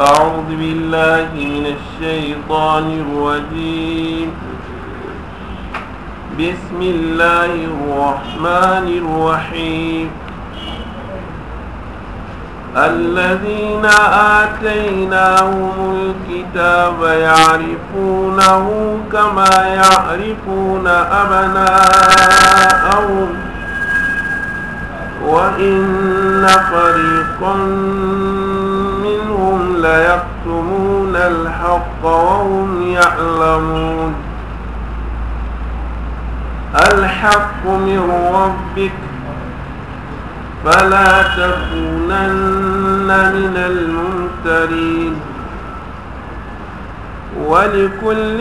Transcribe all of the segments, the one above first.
أعوذ بالله من الشيطان الرجيم بسم الله الرحمن الرحيم الذين آتيناهم الكتاب يعرفونه كما يعرفون أبناءهم وإن فريقا ليكتمون الحق وهم يعلمون الحق من ربك فلا تكونن من الممترين ولكل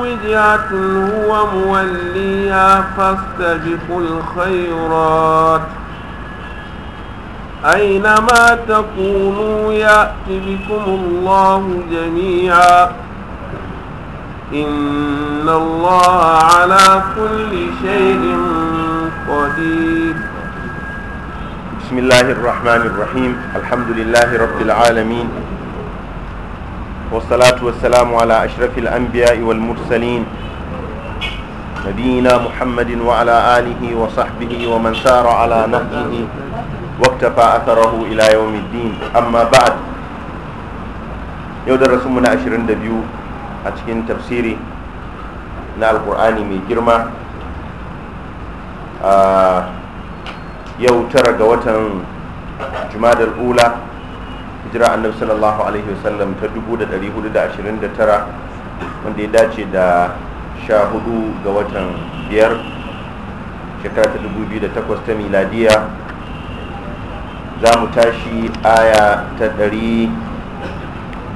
وجهة هو موليها فاستبقوا الخيرات أينما تكونوا يأت بكم الله جميعا إن الله على كل شيء قدير بسم الله الرحمن الرحيم الحمد لله رب العالمين والصلاة والسلام على أشرف الأنبياء والمرسلين نبينا محمد وعلى آله وصحبه ومن سار على نهجه واقتفى أثره إلى يوم الدين أما بعد يودر رسمنا عشرين دبيو أتكين تفسيري na alkur'ani mai girma a yau tara ga watan jumadar ula hijira annabi sallallahu alaihi wasallam ta 1429 wanda ya dace da 14 ga watan biyar shekara ta 2008 ta miladiya za mu tashi aya ta ɗari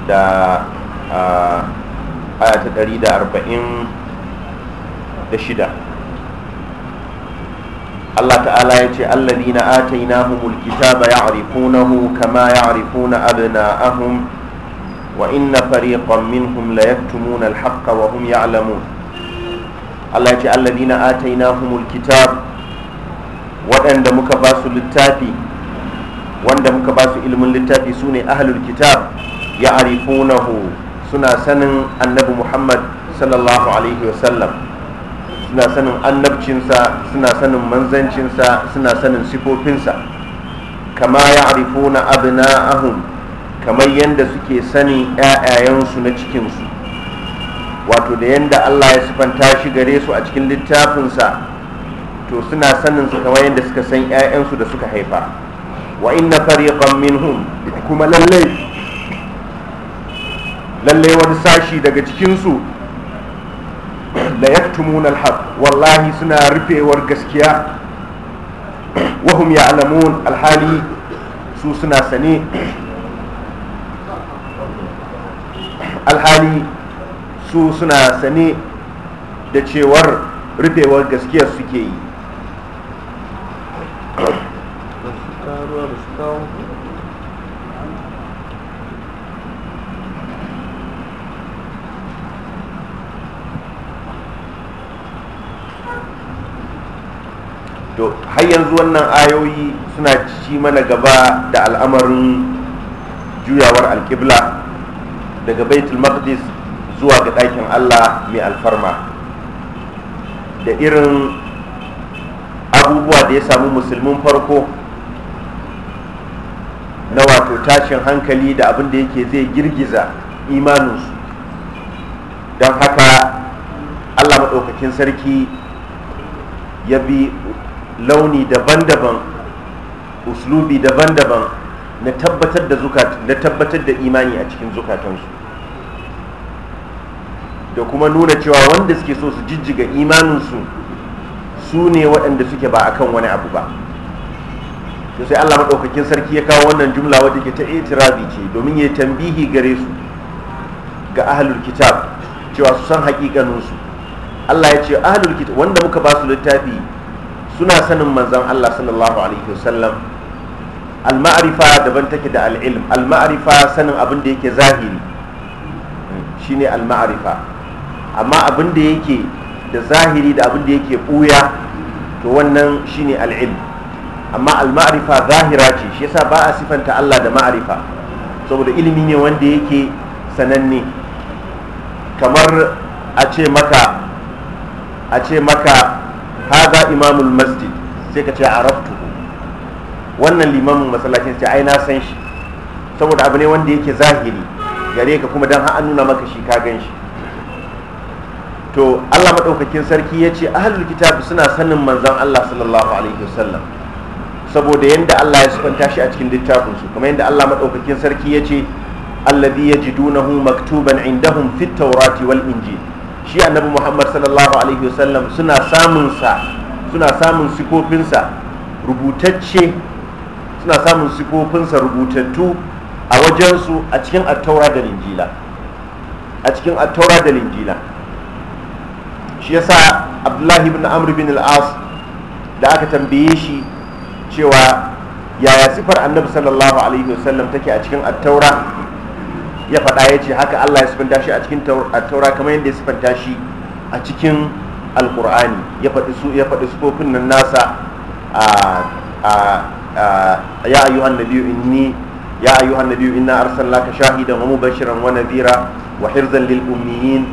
da aya ta ɗari da arba'in da shida Allah ta'ala ya ce allazina atainahumul kitaba ya'rifunahu kama ya ya'rifuna abna'ahum wa inna fariqan minhum la yaktumuna al-haqqa wa hum ya'lamun Allah ya ce allazina atainahumul kitab waɗanda muka ba su littafi wanda muka ba su ilimin littafi su ne ahalul kitab ya arifunahu suna sanin annabi muhammad sallallahu alaihi wasallam suna sanin annabcinsa suna sanin manzancinsa suna sanin sifofinsa kama ya arifuna ahun kamar yadda suke sani 'ya'yayensu na cikinsu wato da yadda allah ya sifanta shi gare su a cikin littafinsa to suna sanin su kamar yadda suka san 'ya'yansu da suka haifa wa inna fariqan minhum kuma lallai lallai wani sashi daga cikinsu la yaktumuna alhaq wallahi suna rufewar gaskiya wa hum ya'lamun alhali su suna sane alhali su suna sane da cewar rufewar gaskiya suke yi estão. To, har yanzu wannan ayoyi suna ci mana gaba da al'amarin juyawar alƙibla daga baitul maqdis zuwa ga ɗakin Allah mai alfarma da irin abubuwa da ya samu musulmin farko na wato tashin hankali da abin da yake zai girgiza imaninsu don haka allah maɗaukakin sarki ya bi launi daban-daban uslubi daban-daban na tabbatar da tabbatar da imani a cikin zukatansu da kuma nuna cewa wanda suke so su jijjiga imaninsu su ne waɗanda suke ba akan wani abu ba to sai Allah madaukakin sarki ya kawo wannan jumla wadda ke ta itirazi ce domin ya tambihi gare su ga ahlul kitab cewa su san hakikanin su Allah ya ce ahlul kitab wanda muka ba su littafi suna sanin manzon Allah sallallahu alaihi wasallam al-ma'rifa daban take da al-ilm al-ma'rifa sanin abin da yake zahiri eh, shine al-ma'rifa amma abin da yake da zahiri da abin da yake buya to wannan shine al-ilm amma al-ma'rifa zahira ce shi yasa ba a sifanta Allah da ma'rifa saboda ilimi ne wanda yake sananne kamar a ce maka a ce maka haza imamul masjid sai ka ce araftu wannan limamin masallacin sai ai na san shi saboda abu ne wanda yake zahiri gare ka kuma dan har an nuna maka shi ka gan shi to Allah madaukakin sarki ya ce ahlul kitab suna sanin manzon Allah sallallahu alaihi wasallam saboda yadda Allah ya sifanta shi a cikin littafin su kamar yadda Allah madaukakin sarki ya ce alladhi yajidunahu maktuban indahum fit tawrati wal injil shi annabi Muhammad sallallahu alaihi wasallam suna samun sa suna samun sa rubutacce suna samun rubutattu a wajen su a cikin attaura da linjila a cikin attaura da linjila shi yasa Abdullahi ibn Amr ibn al da aka tambaye shi cewa yaya sifar annabi sallallahu alaihi wasallam take a cikin attaura ya faɗa ya ce haka allah ya sifanta shi a cikin attaura kamar yadda ya sifanta shi a cikin alkur'ani ya faɗi su ya faɗi sifofin nan nasa a ya ayyuhan nabiyyu inni ya ayyuhan nabiyyu inna arsalnaka shahidan wa mubashiran wa nadhira wa hirzan lil ummiyin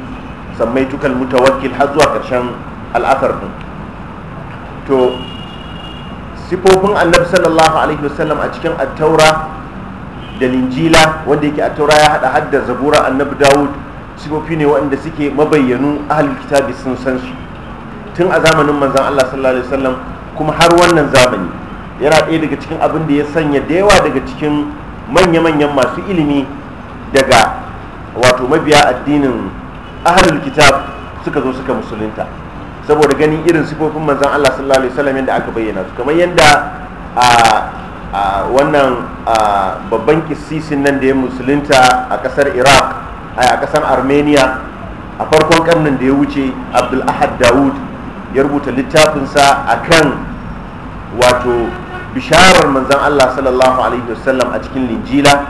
sammaituka al mutawakkil har zuwa karshen al'asar din to sifofin annabi sallallahu alaihi wasallam a cikin attaura da linjila wanda yake attaura ya hada hadda zabura annabi dawud sifofi ne wanda suke mabayyanu ahlul kitabi sun san su tun a zamanin manzon Allah sallallahu alaihi wasallam kuma har wannan zamani yana ɗaya daga cikin abin da ya sanya da yawa daga cikin manya-manyan masu ilimi daga wato mabiya addinin ahlul kitab suka zo suka musulunta saboda ganin irin sifofin manzan Allah sallallahu alaihi wasallam yadda aka bayyana su kamar yadda a wannan babban kisisin nan da ya musulunta a kasar Iraq a kasar Armenia a farkon karnin da ya wuce Abdul Ahad Da'ud, ya rubuta littafinsa akan wato bisharar manzan Allah sallallahu alaihi wasallam a cikin linjila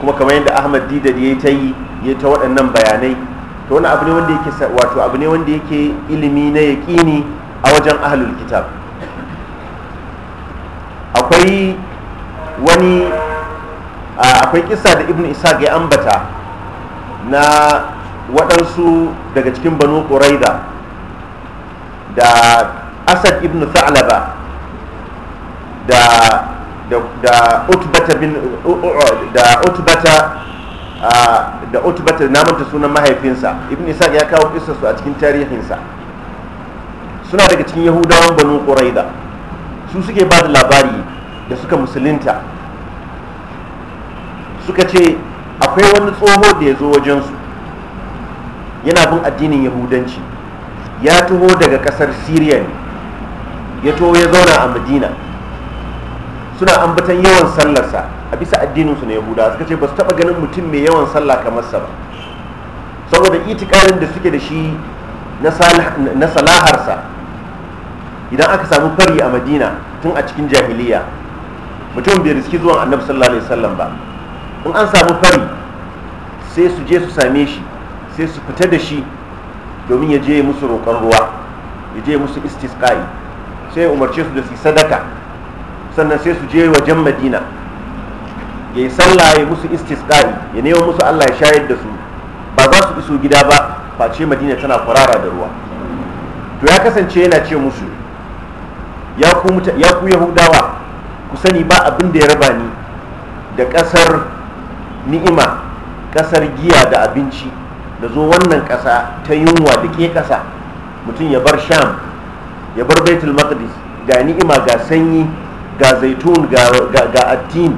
kuma kamar yadda Ahmad Didar ya ta yi ya ta waɗannan bayanai to wani abu ne wanda yake wato abu ne wanda yake ilimi na yaƙini a wajen ahlul kitab akwai wani akwai kisa da ibnu isaac ya ambata na waɗansu daga cikin banu ƙuraida da asad ibnu salaba da da utbata bin da utbata Ah, da utubata na manta sunan mahaifinsa ibn isa ya kawo kissa su a cikin tarihinsa suna daga cikin yahudawan banu quraida su suke ba da labari da suka musulunta suka ce akwai wani tsoho da ya zo wajensu yana bin addinin yahudanci ya taho daga kasar Siriya ne ya taho ya zauna a madina suna ambatan yawan sallarsa a bisa addininsu na yahuda suka ce ba su taɓa ganin mutum mai yawan sallah kamar sa ba saboda itikarin da suke da shi na salaharsa idan aka samu fari a madina tun a cikin jahiliya mutum bai riski zuwan annabi sallallahu alaihi wasallam ba in an samu fari sai su je su same shi sai su fita da shi domin ya je musu roƙon ruwa ya je musu istisqa'i sai ya umarce su da su sadaka sannan sai su je wajen madina ya yi sallah ya musu istisqa'i ya nemo musu Allah ya shayar da su ba za su iso gida ba face madina tana kwarara da ruwa to ya kasance yana ce musu ya ku yahudawa ku sani ba abin da ya raba ni da ƙasar ni'ima ƙasar giya da abinci da zo wannan ƙasa ta yunwa da ke ƙasa mutum ya bar sham ya bar baitul maqdis ga ni'ima ga sanyi ga zaitun ga attin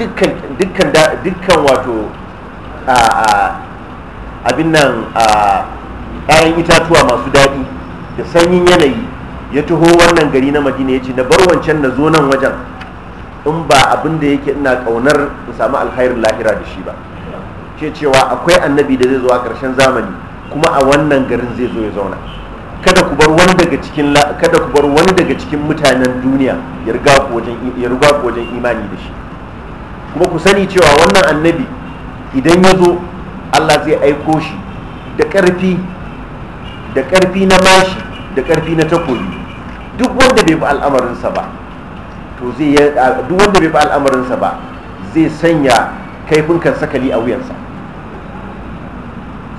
dukkan dukkan wato abin nan ƴaƴan itatuwa masu daɗi da sanyin yanayi ya taho wannan gari na madina ya ce na bar wancan na zo nan wajen in ba abin da yake ina ƙaunar in samu alkhairin lahira da shi ba Ke cewa akwai annabi da zai zo a ƙarshen zamani kuma a wannan garin zai zo ya zauna kada ku bar wani daga cikin mutanen duniya ya riga ku wajen imani da shi kuma ku sani cewa wannan annabi idan ya zo allah zai aiko shi da ƙarfi da ƙarfi na mashi da ƙarfi na takobi duk wanda bai bi al'amarinsa ba to zai duk wanda bai bi al'amarinsa ba zai sanya kaifin kan sakali a wuyansa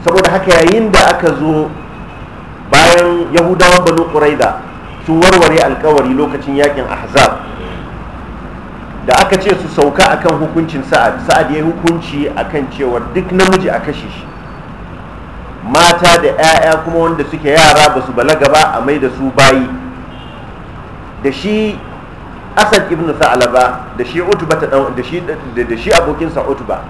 saboda haka yayin da aka zo bayan yahudawa banu ƙuraida sun warware alkawari lokacin yakin ahzab da aka ce su sauka akan hukuncin sa'ad sa'ad ya hukunci akan cewar duk namiji a kashe shi mata da 'ya'ya kuma wanda suke yara ba su balaga ba a mai da su bayi da shi asad ibn sa'alaba da shi utuba ta da shi da shi abokinsa utuba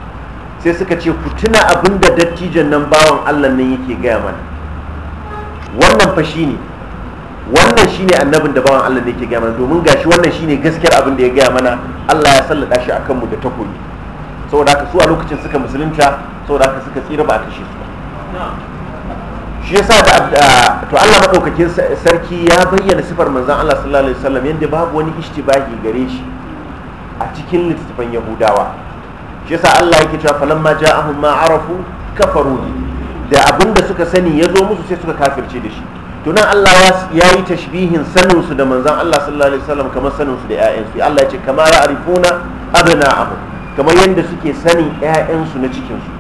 sai suka ce ku tuna abin da dattijan nan bawan allah nan yake gaya mana wannan fa shine wannan shine annabin da bawan allah ne yake gaya mana domin gashi wannan shine gaskiyar abin da ya gaya mana Allah ya sallada shi akan mu da takobi saboda haka su a lokacin suka musulunta saboda haka suka tsira ba a kashe su shi yasa da to Allah madaukakin sarki ya bayyana sifar manzon Allah sallallahu alaihi wasallam yanda babu wani ishtibahi gare shi a cikin littattafan Yahudawa shi yasa Allah yake cewa falamma ja'ahum ma arafu kafaru da abinda suka sani ya zo musu sai suka kafirce da shi tunan Allah ya yi tashbihin saninsu da manzan Allah sallallahu alaihi wasallam kamar saninsu da 'ya'yansu Allah ya ce kama ya arifuna abu kamar yadda suke sanin 'ya'yansu na cikinsu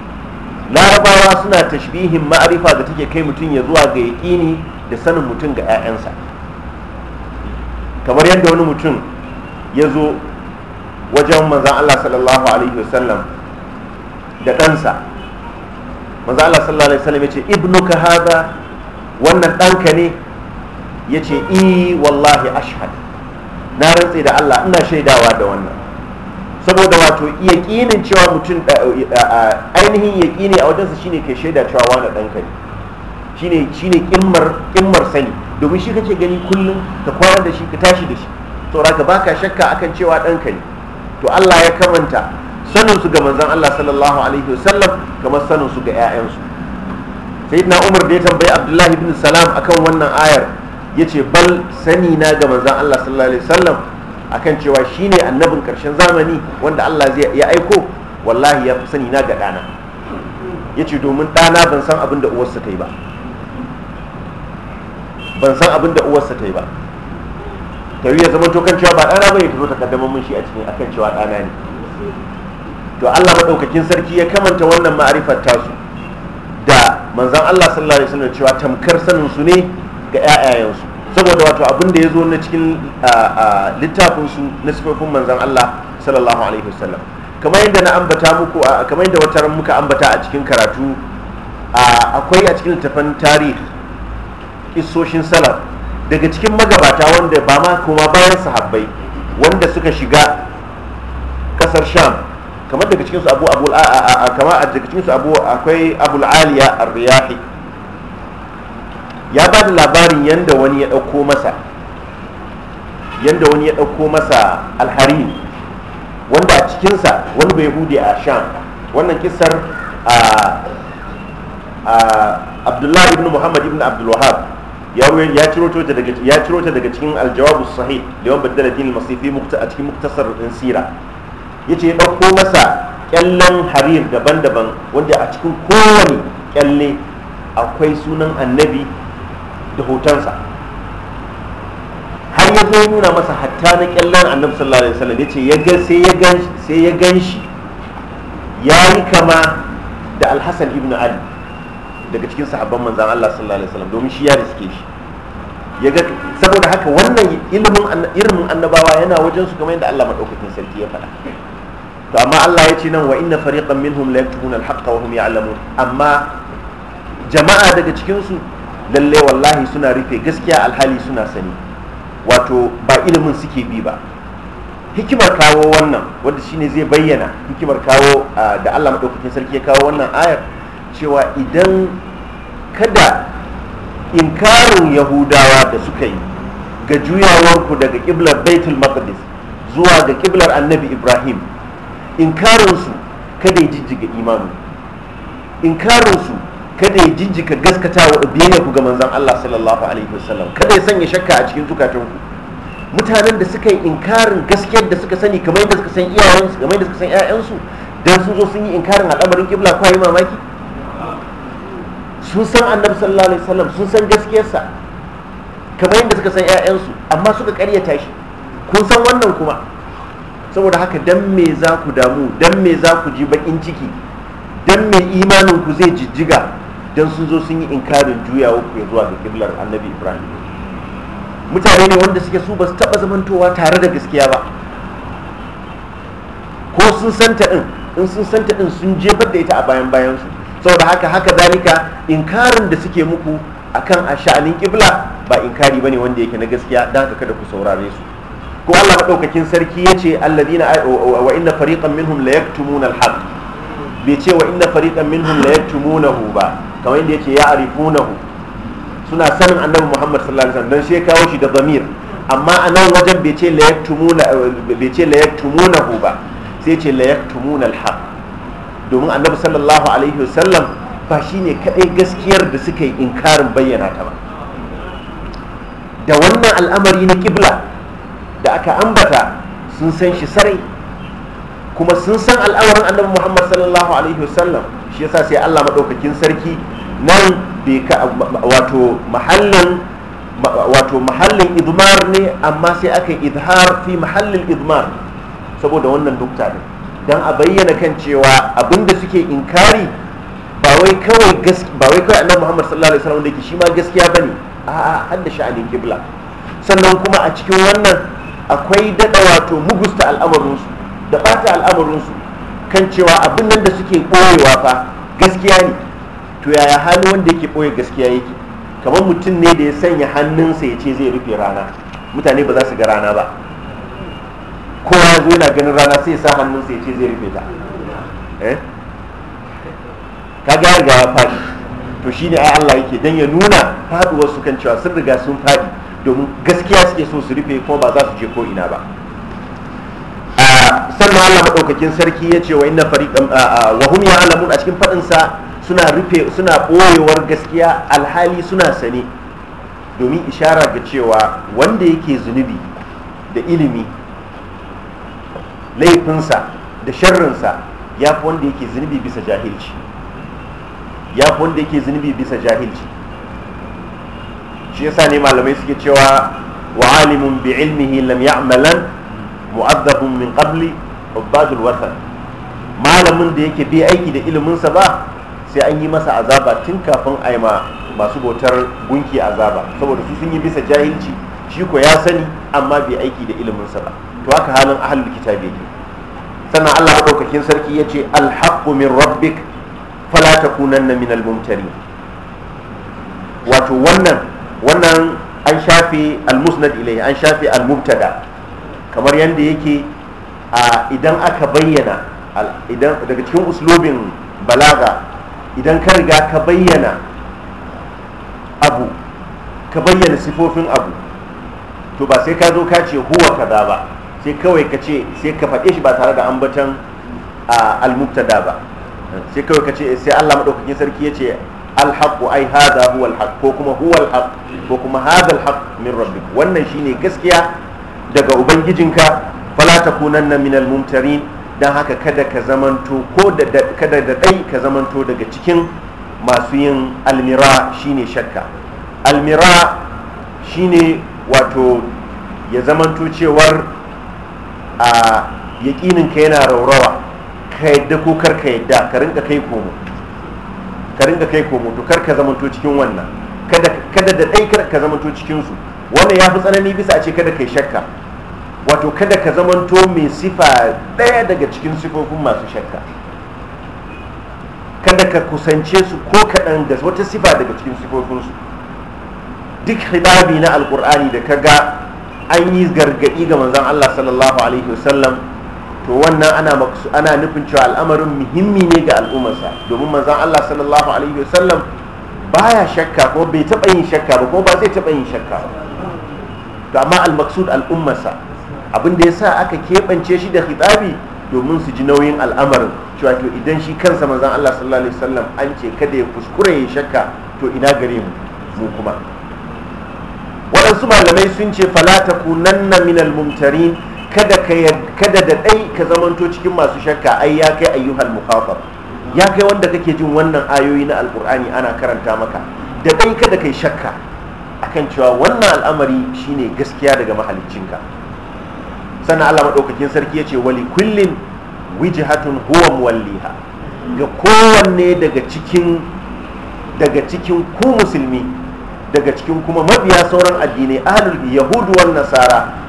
larabawa suna tashbihin ma'arifa da take kai mutum ya zuwa ga yaƙini da sanin mutum ga 'ya'yansa kamar yadda wani mutum ya zo wajen manzan Allah sallallahu alaihi wasallam da ɗansa manzan Allah sallallahu alaihi wasallam ya ce ibnuka hada wannan ɗanka ne ya ce i e, wallahi ashhad na rantse da Allah ina shaidawa da wannan saboda wato yaƙinin cewa mutum eh, eh, eh, ainihin yaƙini a wajensa shine ke shaida cewa wani ɗanka ne shine shine kimmar sani domin shi kace gani kullum ka kwana da shi ka tashi da shi saboda ka baka shakka akan cewa ɗanka ne to Allah ya kamanta sanin su ga manzon Allah sallallahu alaihi wasallam kamar saninsu ga 'ya'yansu sai na umar da ya tambayi abdullahi bin salam akan wannan ayar ya ce bal sani na ga manzan allah sallallahu alaihi wasallam akan cewa shine annabin karshen zamani wanda allah zai ya aiko wallahi ya fi sani na ga dana ya ce domin dana ban san abin da uwarsa ta yi ba ban san abin da uwarsa ta yi ba ta yi ya zama kan cewa ba dana bane ta zo ta kaddamar mun shi a cikin akan cewa dana ne to allah maɗaukakin sarki ya kamanta wannan ma'arifar tasu da manzan Allah sallallahu alaihi wasallam cewa tamkar sanin su ne ga ƴaƴayensu saboda wato abin da ya zo na cikin littafin su na sifofin manzan Allah sallallahu alaihi wasallam kamar yadda na ambata muku kamar yadda wata ran muka ambata a cikin karatu akwai a cikin littafin tarihi kisoshin salaf daga cikin magabata wanda ba ma kuma bayan sahabbai wanda suka shiga kasar sham kamar daga cikinsu abu abu a daga cikinsu abu akwai abu aliya ar-riyahi ya ba da labarin yanda wani ya ɗauko masa yanda wani ya ɗauko masa alhari wanda a cikinsa wani bai hude a sham wannan kisar abdullahi ibn muhammad ibn abdul wahab ya ciro ta daga cikin aljawabu sahih liwan baddala din masifi a cikin muktasar din sira ya ce ya ɗauko masa kyallen harir daban-daban wanda a cikin kowane ƙyalle akwai sunan annabi da hotonsa har ya zai nuna masa hatta na ƙyallen annabi sallallahu alaihi wasallam ya ce sai ya gan shi ya yi kama da alhassan ibn ali daga cikin sahabban manzan allah sallallahu alaihi wasallam domin shi ya riske shi saboda haka wannan ilimin annabawa yana wajen su kamar yadda allah maɗaukakin sarki ya faɗa to amma Allah ya ce nan wa inna fariqan minhum la yaktubuna al-haqqa wa hum ya'lamun amma jama'a daga cikin su lalle wallahi suna rufe gaskiya alhali suna sani wato ba ilimin suke bi ba hikimar kawo wannan wanda shine zai bayyana hikimar kawo da Allah madaukakin sarki ya kawo wannan ayar cewa idan kada inkarin yahudawa da suka yi ga juyawar ku daga kiblar baitul maqdis zuwa ga kiblar annabi ibrahim inkarinsu kada ya jijjiga imanu inkarinsu kada ya jijjiga gaskata wa biyayya ku ga manzon Allah sallallahu alaihi wasallam kada ya sanya shakka a cikin zukatanku mutanen da suka yi inkarin gaskiyar da suka sani kamar yadda suka san iyayensu kamar yadda suka san ƴaƴansu dan sun zo sun yi inkarin al'amarin kibla ko yi mamaki sun san annabi sallallahu alaihi wasallam sun san gaskiyarsa kamar yadda suka san ƴaƴansu, amma suka ƙaryata shi kun san wannan kuma saboda haka dan me za ku damu dan me za ku ji bakin ciki dan me imanin ku zai jijjiga dan sun zo sun yi inkarin juyawa ku zuwa ga kiblar annabi ibrahim mutane ne wanda suke su ba su taba zamantowa tare da gaskiya ba ko sun santa din in sun santa din sun jefar da ita a bayan bayan su saboda haka haka zalika inkarin da suke muku akan a sha'anin kibla ba inkari bane wanda yake na gaskiya dan haka kada ku saurare su ko Allah madaukakin sarki ya yace alladina wa inna fariqan minhum la yaktumuna al-haq bai ce wa inna fariqan minhum la yaktumunahu ba kamar yadda yace ya arifunahu suna sanin annabi Muhammad sallallahu alaihi wasallam dan sai kawo shi da zamir amma a nan wajen bai ce la yaktumuna bai ce la yaktumunahu ba sai ce la yaktumuna al domin annabi sallallahu alaihi wasallam ba shine kadai gaskiyar da suka yi inkarin bayyana ta ba da wannan al'amari na kibla da aka ambata sun san shi sarai kuma sun san al'amarin annabi muhammad sallallahu alaihi wasallam shi yasa sai allah maɗaukakin sarki nan bai ka wato mahallin wato mahallin idmar ne amma sai aka idhar fi mahallin idmar saboda wannan dukta ne Dan a bayyana kan cewa abinda suke inkari ba wai kawai ba wai kawai annabi muhammad sallallahu alaihi wasallam da yake shi ma gaskiya bane a'a hadda sha'anin kibla sannan kuma a cikin wannan akwai daɗa wato mugusta al'amarinsu da ɓata al'amarinsu kan cewa abin nan da suke ɓoyewa fa gaskiya ne to yaya hannu wanda yake ɓoye gaskiya yake kamar mutum ne da ya sanya hannunsa ya ce zai rufe rana mutane ba za su ga rana ba kowa ya zo yana ganin rana sai sa hannunsa ya ce zai rufe ta eh? ka ga ya fadi to shine ai Allah yake dan ya nuna faduwar su kan cewa sun riga sun faɗi domin gaskiya suke so su rufe kuma ba za su je ko ina ba sannan Allah madaukakin sarki ya ce wa inna fariqan wa hum ya'lamun a cikin fadin sa suna rufe suna boyewar gaskiya alhali suna sane domin ishara ga cewa wanda yake zunubi da ilimi laifinsa da sharrinsa ya fi wanda yake zunubi bisa jahilci ya fi wanda yake zunubi bisa jahilci shi yasa ne malamai suke cewa wa alimun bi ilmihi lam ya'malan mu'addabun min qabli ubadul wasan malamin da yake bai aiki da iliminsa ba sai an yi masa azaba tun kafin a ma masu bautar gunki azaba saboda su sun yi bisa jahilci shi ko ya sani amma bai aiki da iliminsa ba to haka halin ahlul kitabi yake sannan Allah madaukakin sarki yace alhaqqu min rabbik fala takunanna min al wato wannan wannan an shafe almusnad ilai an al almubtada kamar yadda yake idan aka bayyana daga cikin uslobin balaga idan ka riga ka bayyana abu ka bayyana sifofin abu to ba sai ka zo ka ce huwa kaza ba sai kawai ka ce sai ka faɗe shi ba tare da ambatan almubtada ba sai kawai ka ce sai allah maɗaukakin sarki ya ce alhaq ai hadha huwa alhaq ko kuma huwa alhaq ko kuma hadha alhaq min rabbik wannan shine gaskiya daga ubangijinka fala takunanna min almumtarin dan haka kada ka zamanto ko da kada da dai ka zamanto daga cikin masu yin almira shine shakka almira shine wato ya zamanto cewar a yaƙininka yana raurawa ka yadda ko kar ka yadda ka rinka kai komo ka ringa kai ko mutu kar ka zamanto cikin wannan kada kada da dai ka zamanto cikin su wannan yafi tsanani bisa a ce kada kai shakka wato kada ka zamanto mai sifa daya daga cikin sifofin masu shakka kada ka kusance su ko kaɗan da wata sifa daga cikin su, duk hidabi na alkur'ani da ka ga an yi gargaɗi ga manzan allah sallallahu alaihi wasallam to wannan ana ana nufin cewa al'amarin muhimmi ne ga al'ummarsa domin manzon Allah sallallahu alaihi wasallam baya shakka ko bai taba yin shakka ba ko ba zai taba yin shakka ba to amma al-maqsud al'ummarsa abin da yasa aka keɓance shi da khitabi domin su ji nauyin al'amarin cewa to idan shi kansa manzon Allah sallallahu alaihi wasallam an ce kada ya kuskure ya shakka to ina gare mu mu kuma waɗansu malamai sun ce falata takunanna minal mumtarin kada ka da dai ka zamanto cikin masu shakka ai ya kai ayyuhal mukhafaf ya kai wanda kake jin wannan ayoyi na alkur'ani ana karanta maka da dai kada kai shakka akan cewa wannan al'amari shine gaskiya daga mahaliccinka sannan Allah madaukakin sarki yace wali kullin wijhatun huwa muwalliha ga kowanne daga cikin daga cikin ku musulmi daga cikin kuma mabiya sauran addinai ahlul yahudu wan nasara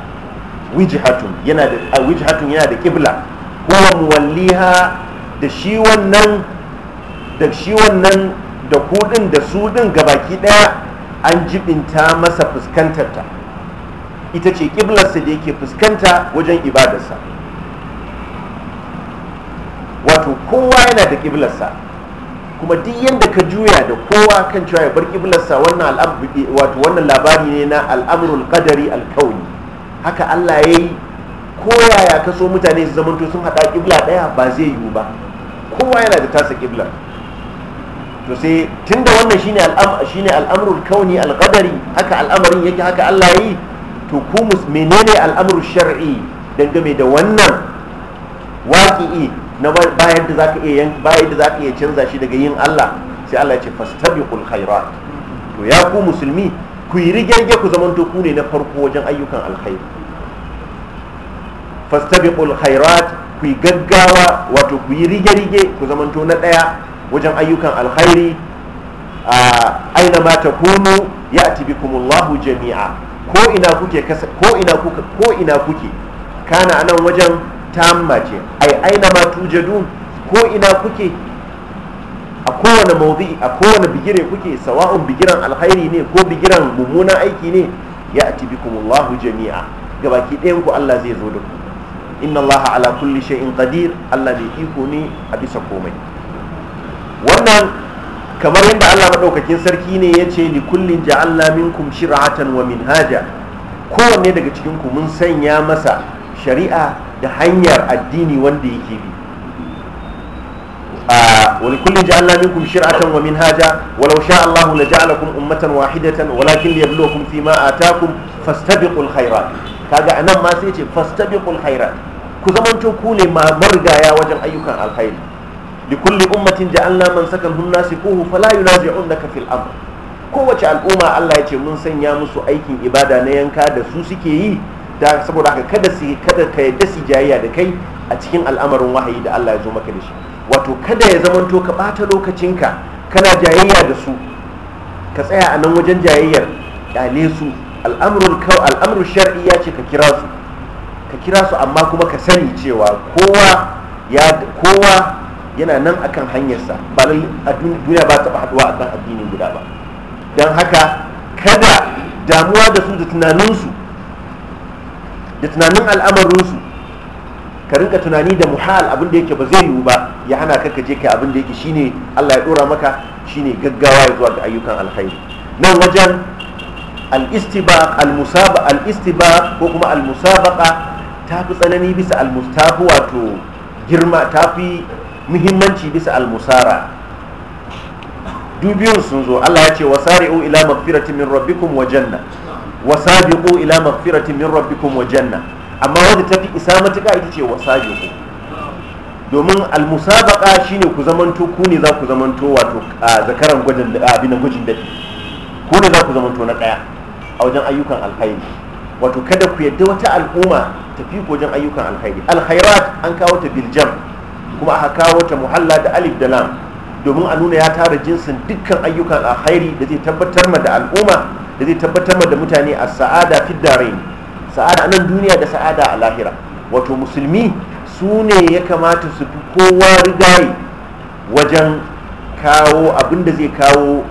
wijhatun yana da wijhatun yana da qibla huwa muwalliha da shi wannan da shi wannan da kudin da su din gabaki daya an jibinta masa fuskantar ta ita ce sa da yake fuskanta wajen ibadarsa wato kowa yana da sa kuma duk yadda ka juya da kowa kan cewa ya bar kiblarsa wannan wato wannan labari ne na al'amrul qadari alkauni haka Allah ya yi koyaya ka so mutane su zamanto sun haɗa ƙibla ɗaya ba zai yiwu ba kowa yana da tasa ƙibla to sai tunda wannan shine shine al'amrul kauni al-qadari haka al'amarin yake haka Allah ya yi to ku menene al'amrul shar'i game da wannan waƙi'i na bayan da zaka iya bayan da zaka iya canza shi daga yin Allah sai Allah ya ce fastabiqul khairat to ya ku musulmi ku yi rigirge ku zamanto ku ne na farko wajen ayyukan alkhairi fastabiqul khairat ku yi gaggawa wato ku yi rige-rige ku zamanto na ɗaya wajen ayyukan alkhairi a aina ma ta kunu ya bikumullahu jami'a ko ina kuke ko ina kuka ko ina kuke kana anan wajen tamma ce ai aina ma tujadu ko ina kuke a kowane mawuzi a kowane bigire kuke sawa'un bigiran alkhairi ne ko bigiran mummunan aiki ne ya ati Allahu jami'a gabaki ɗayan ku Allah zai zo da ku inna Allah ala kulli shay'in qadir Allah ne iko ne a bisa komai wannan kamar yadda Allah madaukakin sarki ne ya ce kullin ja'alna minkum shir'atan wa minhaja kowanne daga cikin ku mun sanya masa shari'a da hanyar addini wanda yake bi wani kullum ji Allah minkum shir'atan wa min haja walau sha Allah hula ji alakun umartan wa hidatan walakin liyar lokun fi ma a takun fastabiƙul haira ta ga nan ma sai ce fastabiƙul haira ku zama ne ma marigaya wajen ayyukan alhaini da kullum umartan ji sakan hun nasi kuhu falayu na zai unda kafil kowace al'umma Allah ya ce mun sanya musu aikin ibada na yanka da su suke yi saboda haka kada su yi kada ka yadda su jayayya da kai a cikin al'amarin wahayi da Allah ya zo maka da shi. wato kada ya zamanto ka lokacin lokacinka kana jayayya da su ka tsaya a nan wajen jayayyar kyale su al'amrul shar'i ya ce ka kira su ka kira su amma kuma ka sani cewa kowa yana nan akan hanyarsa ba duniya ba taɓa haɗuwa akan addinin guda ba don haka kada damuwa da su da tunaninsu da tunanin al'amarinsu ka rinka tunani da muhal abin da yake ba zai yiwu ba ya hana ka kaje kai abin da yake shine Allah ya dora maka shine gaggawa ya zuwa ga ayyukan alkhairi nan wajen al-istibaq al-musabaq al-istibaq ko kuma al-musabaqa ta fi tsanani bisa al-mustafi wato girma ta fi muhimmanci bisa al-musara dubiyun sun zo Allah ya ce wasari'u ila magfiratin min rabbikum wa janna wasabiqu ila magfiratin min rabbikum wa janna amma wadda ta fi isa matuka ita ce ku domin almusabaqa shine ku zamanto ku ne za ku zamanto wato zakaran gwajin abin gwajin da ku ne za ku zamanto na daya a wajen ayyukan alkhairi wato kada ku yadda wata al'umma tafi fi wajen ayyukan alkhairi alkhairat an kawo ta biljam kuma aka kawo ta muhalla da alif da lam domin a nuna ya tara jinsin dukkan ayyukan alkhairi da zai tabbatar ma da al'umma da zai tabbatar ma da mutane a sa'ada fid darain sa'ada nan duniya da sa'ada a lahira wato musulmi su ne ya kamata su fi kowa rigayi wajen kawo abinda zai kawo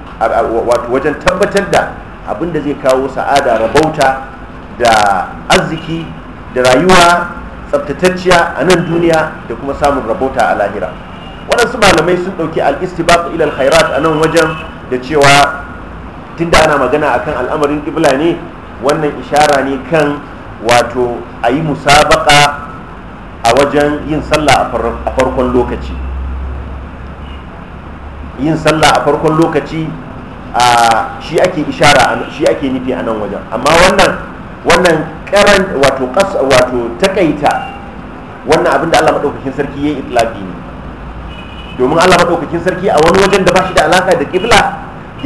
wato wajen tabbatar da abinda zai kawo sa'ada rabauta da arziki da rayuwa tsabtatacciya a nan duniya da kuma samun rabauta a lahira waɗansu malamai sun ɗauki al-istibaq ilal khairat a nan wajen da cewa tunda ana magana akan al'amarin ƙibla ne wannan ishara ne kan wato a yi musabaka a wajen yin sallah a farkon lokaci yin sallah a farkon lokaci a shi ake ishara shi ake nufi a nan wajen amma wannan wannan karan wato kas wato takaita wannan abin da Allah madaukakin sarki yayi itlaqi ne domin Allah madaukakin sarki a wani wajen da ba shi da alaka da qibla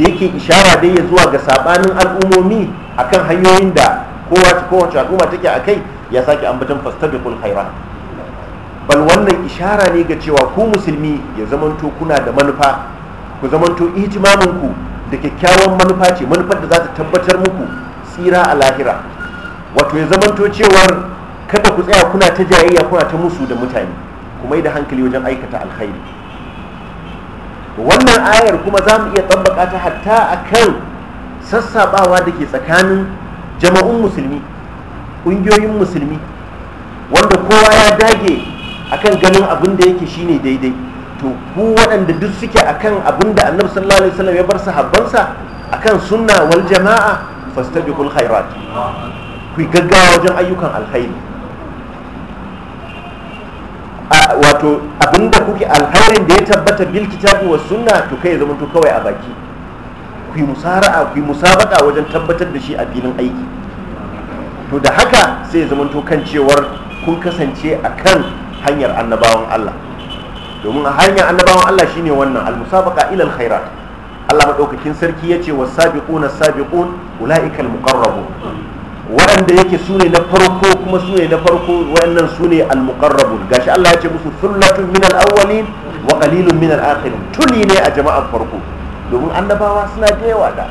da yake ishara dai ya zuwa ga sabanin al'umomi akan hanyoyin da kowa kowace al'umma take a kai ya sake ambatan fastabiqul khairat bal wannan ishara ne ga cewa ku musulmi ya zamanto kuna da manufa ku zamanto ihtimamin ku da kyakkyawan manufa ce manufar da za ta tabbatar muku tsira a lahira wato ya zamanto cewar kada ku tsaya kuna ta jayayya kuna ta musu da mutane ku mai da hankali wajen aikata alkhairi wannan ayar kuma za mu iya tabbata hatta akan sassabawa da ke tsakanin jama'un musulmi ƙungiyoyin musulmi wanda kowa ya dage akan ganin abin da yake shine daidai to ku waɗanda duk suke akan abin da annabi sallallahu alaihi wasallam ya bar sahabbansa kan sunna wal jama'a fastabiqul khairat ku gaggawa wajen ayyukan alkhairi wato abinda kuke alkhairin da ya tabbata bil kitabi was sunna to kai zama to kawai a baki ku yi musara'a ku yi musabaka wajen tabbatar da shi a filin aiki to da haka sai ya zamanto kan cewar kun kasance a kan hanyar annabawan Allah domin a hanyar annabawan Allah shine wannan al ilal khairat Allah madaukakin sarki yace was-sabiquna sabiqun ulaika al waɗanda yake su na farko kuma su na farko waɗannan su ne al-muqarrabun gashi Allah ya ce musu thullatun minal awwalin wa qalilun minal akhirin tuni ne a jama'ar farko domin annabawa suna da yawa da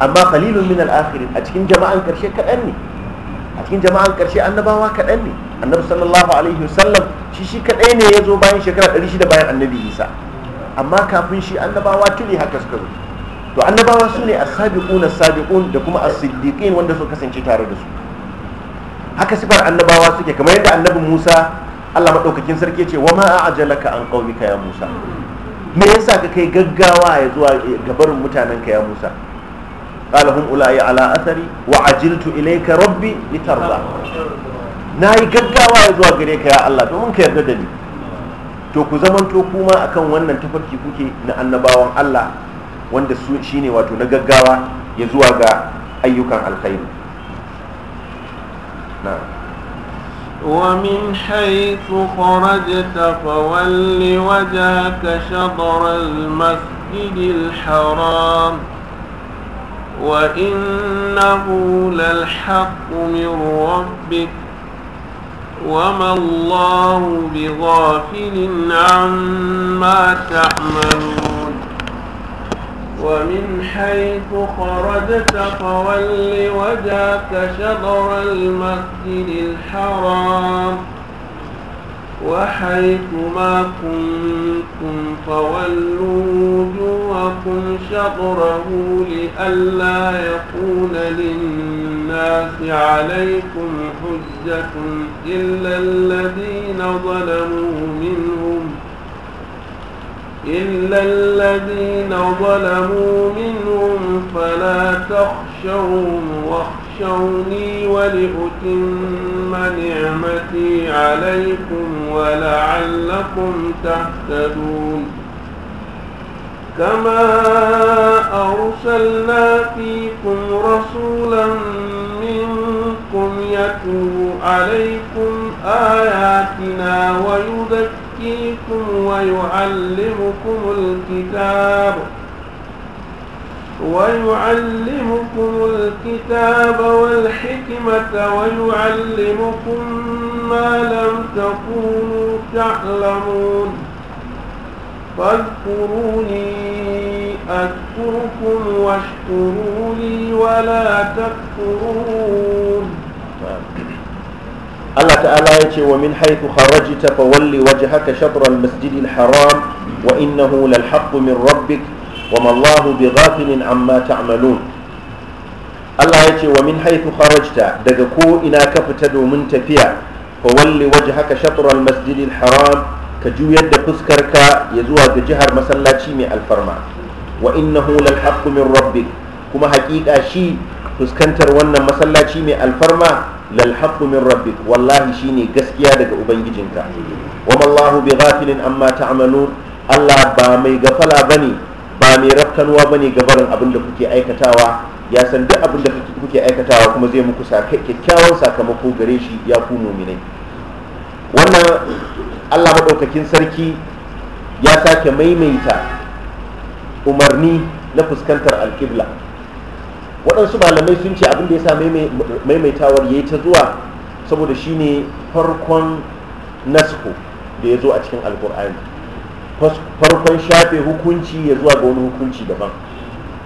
amma qalilun min al-akhirin a cikin jama'an karshe kaɗan ne a cikin jama'an karshe annabawa kaɗan ne annabi sallallahu alaihi wasallam shi shi kaɗai ne ya zo bayan shekara shida bayan annabi isa amma kafin shi annabawa tuli haka suka zo to annabawa su ne as-sabiqun as-sabiqun da kuma as-siddiqin wanda suka kasance tare da su haka sifar annabawa suke kamar yadda annabi Musa Allah madaukakin sarki ya ce wa ma a'jalaka an qaumika ya Musa me yasa ka kai gaggawa ya zuwa gabarin mutanen ka ya Musa qala hum ulai ala athari wa ajiltu ilayka rabbi litarda nayi gaggawa ya zuwa gare ka ya Allah to mun ka yarda da ni to ku zaman to kuma akan wannan tafarki kuke na annabawan Allah wanda su shine wato na gaggawa ya zuwa ga ayyukan alkhairi na'am ومن حيث خرجت فول وجهك شطر المسجد الحرام وإنه للحق من ربك وما الله بغافل عما تعملون ومن حيث خرجت فول وجهك شطر المسجد الحرام وحيث ما كنتم فولوا وجوهكم شطره لئلا يكون للناس عليكم حجة إلا الذين ظلموا منهم إلا الذين ظلموا منهم فلا تخشون واخشوني ولأتم نعمتي عليكم ولعلكم تهتدون كما أرسلنا فيكم رسولا منكم يتلو عليكم آياتنا ويذكر يزكيكم ويعلمكم الكتاب ويعلمكم الكتاب والحكمة ويعلمكم ما لم تكونوا تعلمون فاذكروني أذكركم واشكروا لي ولا تكفرون Allah ta'ala ya ce wa min haythu kharajta fa walli wajhaka shatr al-masjid al-haram wa innahu lal haqq min rabbik wa ma Allahu bighafilin amma ta'malun Allah ya ce wa min haythu kharajta daga ko ina ka fita domin tafiya fa walli wajhaka shatr al-masjid al-haram ka juyar da fuskarka ya zuwa ga jihar masallaci mai alfarma wa innahu lal haqqu min rabbik kuma haƙiƙa shi fuskantar wannan masallaci mai alfarma lal haqqu min rabbik wallahi shine gaskiya daga ubangijinka wa mallahu bighafilin amma ta'malun Allah ba mai gafala bane ba mai rafkanwa bane ga barin abin da kuke aikatawa ya san duk abin da kuke aikatawa kuma zai muku kyakkyawan sakamako gare shi ya ku muminai wannan Allah maɗaukakin sarki ya sake maimaita umarni na fuskantar alƙibla waɗansu malamai sun ce abin da ya sa maimaitawar ya yi ta zuwa saboda shi ne farkon nasko da ya zo a cikin alkur'ani farkon shafe hukunci ya zuwa ga wani hukunci daban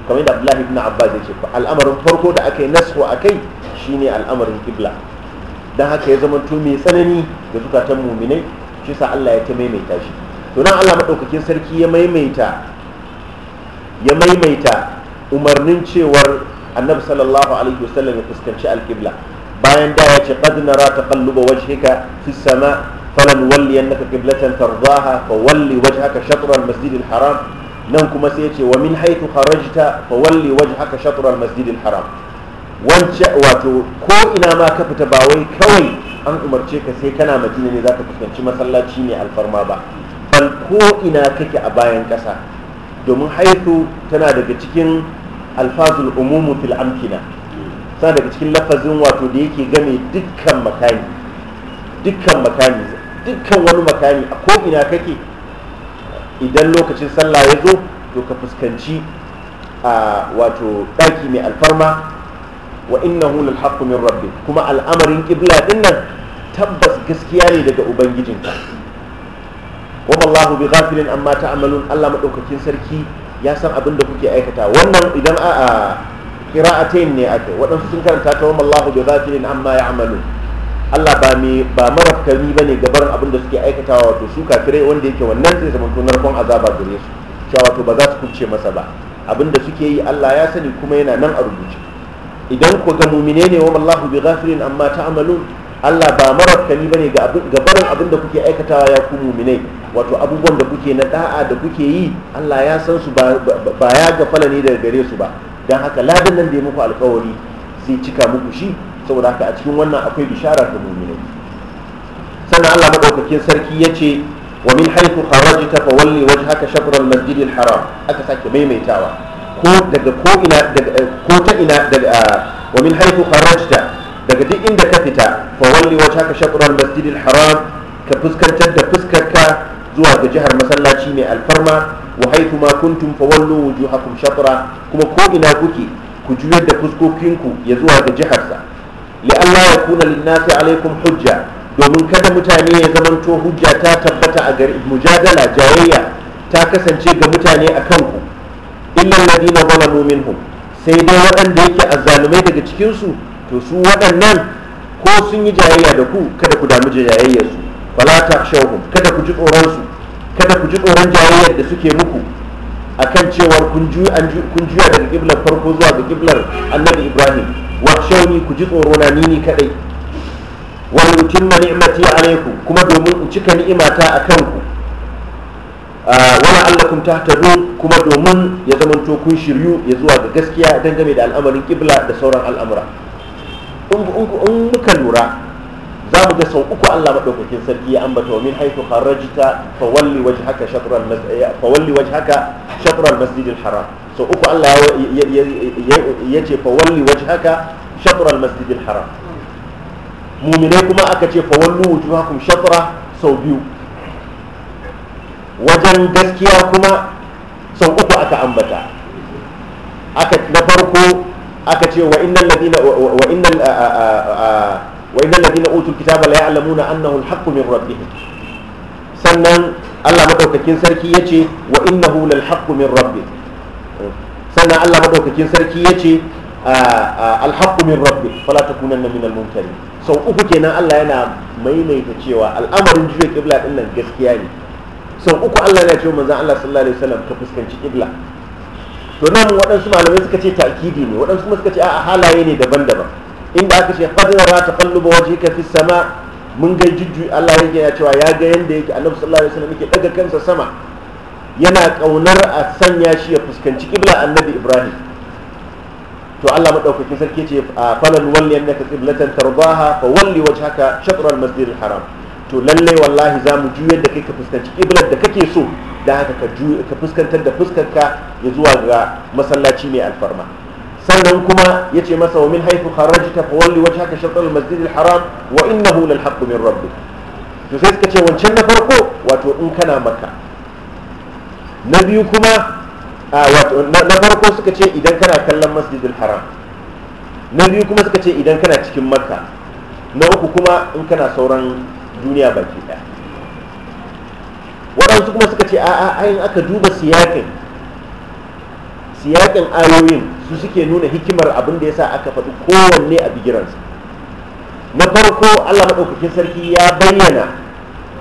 kamar yadda abdullahi ibn abbas ya ce al'amarin farko da aka yi nasko a kai shine al'amarin ibla don haka ya zama mai tsanani da zukatan muminai shi sa allah ya ta maimaita shi to nan allah maɗaukakin sarki ya maimaita umarnin cewar annabi sallallahu alaihi wasallam ya fuskanci alkibla bayan da ya ce qad nara taqalluba wajhika fi sama falan walli annaka qiblatan tardaha fa walli wajhaka shatr al-masjid haram nan kuma sai ya ce wa min haythu kharajta fa walli wajhaka shatr al-masjid haram wato ko ina ma ka fita ba wai kawai an umarce ka sai kana madina ne zaka fuskanci masallaci ne alfarma ba fal ko ina kake a bayan kasa domin haitu tana daga cikin alfazul umumu fil amkina sana daga cikin lafazin wato da yake game dukkan makani dukkan makani dukkan wani makani a ko ina kake idan lokacin sallah ya zo to ka fuskanci a wato daki mai alfarma wa innahu lil haqqu min rabbik kuma al'amarin qibla din tabbas gaskiya ne daga ubangijinka wa wallahu bi ghafilin amma ta'malun Allah madaukakin sarki ya san abin da kuke aikata wannan idan a kira'atain ne ake waɗansu sun karanta ta wamma Allahu bi ghafilin amma amalu Allah ba mai ba ba bane gabarin abin da suke aikata wato su kafirai wanda yake wannan zai zama to narkon azaba gare su cewa wato ba za su kuce masa ba abin da suke yi Allah ya sani kuma yana nan a rubuce idan ku ga mumine ne wamma Allahu bi ghafilin amma amalu Allah ba marafkani bane ne gabarin abin da kuke aikatawa ya ku muminai wato abubuwan da kuke na da'a da kuke yi Allah ya san su ba ya gafala ne daga gare su ba don haka ladan nan da ya muku alkawari zai cika muku shi saboda haka a cikin wannan akwai bishara ga mu'minai sannan Allah madaukakin sarki ya ce wa min haifu kharajta fa walli wajhaka haka al-masjid haram aka sake maimaitawa ko daga ko ina daga eh, ko ta ina daga ah, wa min haythu ta daga duk inda ka fita fa wajen haka shatr masjid haram ka fuskantar da fuskarka zuwa ga jihar masallaci mai alfarma wa haitu ma kuntum fa wallu wujuhakum shatra kuma ko ina kuke ku juyar da fuskokinku ya zuwa ga jihar sa allah ya yakuna linnasi alaikum hujja domin kada mutane ya zamanto hujja ta tabbata a gari mujadala jayayya ta kasance ga mutane a kanku illa alladhina zalamu minhum sai dai waɗanda yake azzalumai daga cikin su to su waɗannan ko sun yi jayayya da ku kada ku damu jayayyarsu fala ta shahum kada ku ji tsoronsu kada ku ji tsoron jayayyar da suke muku a kan cewar kun juya daga kiblar farko zuwa ga kiblar annabi ibrahim shauni ku ji tsoro na nini kadai wa ni'imati a alaikum kuma domin in cika ni'imata a akan ku ah, wala ta tahtadun kuma domin ya zamanto kun shiryu ya zuwa ga gaskiya dangane da al'amarin kibla da sauran al'amura in muka lura za mu ga sau uku Allah maɗaukakin sarki ya ambata wa min haifu kharajta fa walli wajhaka haka masjid fa masjid al haram sau uku Allah ya ce fa walli wajhaka shatral masjid al haram mu'minai kuma aka ce fa wallu wujuhakum shatra sau biyu wajen gaskiya kuma sau uku aka ambata aka na farko aka ce wa innal ladina wa innal wa idan ladina utul kitaba la ya'lamuna annahu al-haqqu min rabbihim sannan Allah maɗaukakin sarki ya ce wa innahu lal-haqqu min rabbih sannan Allah maɗaukakin sarki yace al-haqqu min rabbih fala takunanna min al-mumtarin sau uku kenan Allah yana maimaita cewa al'amarin juya kibla din nan gaskiya ne sau uku Allah yana cewa manzan Allah sallallahu alaihi wasallam ka fuskanci kibla to nan waɗansu malamai suka ce ta'kidi ne waɗansu suka ce a halaye ne daban-daban in ba aka ce qadara taqallubu wajhika kafi sama mun ga jujju Allah ya ya cewa ya ga yanda yake Annabi sallallahu alaihi wasallam yake daga kansa sama yana kaunar a sanya shi ya fuskanci kibla Annabi Ibrahim to Allah madaukaki sarki ce falan walli annaka qiblatan tardaha fa walli wajhaka shatr al masjid al haram to lalle wallahi za mu juyar da kai ka fuskanci kiblar da kake so da haka ka fuskantar da fuskarka ya zuwa ga masallaci mai alfarma sannan kuma ya ce masa wa min haifu kharajta ta walli wajen haka al-masjid al-haram wa in lal haqq min rabu to sai suka ce wancan na farko wato in kana maka na biyu kuma wato na farko suka ce idan kana kallon masjid al-haram na biyu kuma suka ce idan kana cikin makka na uku kuma in kana sauran duniya baki ɗaya waɗansu kuma suka ce a'a ayin aka duba siyakin siyakin ayoyin su suke nuna hikimar abin da ya sa aka faɗi kowanne a bigiransa na farko allah maɗaukakin sarki ya bayyana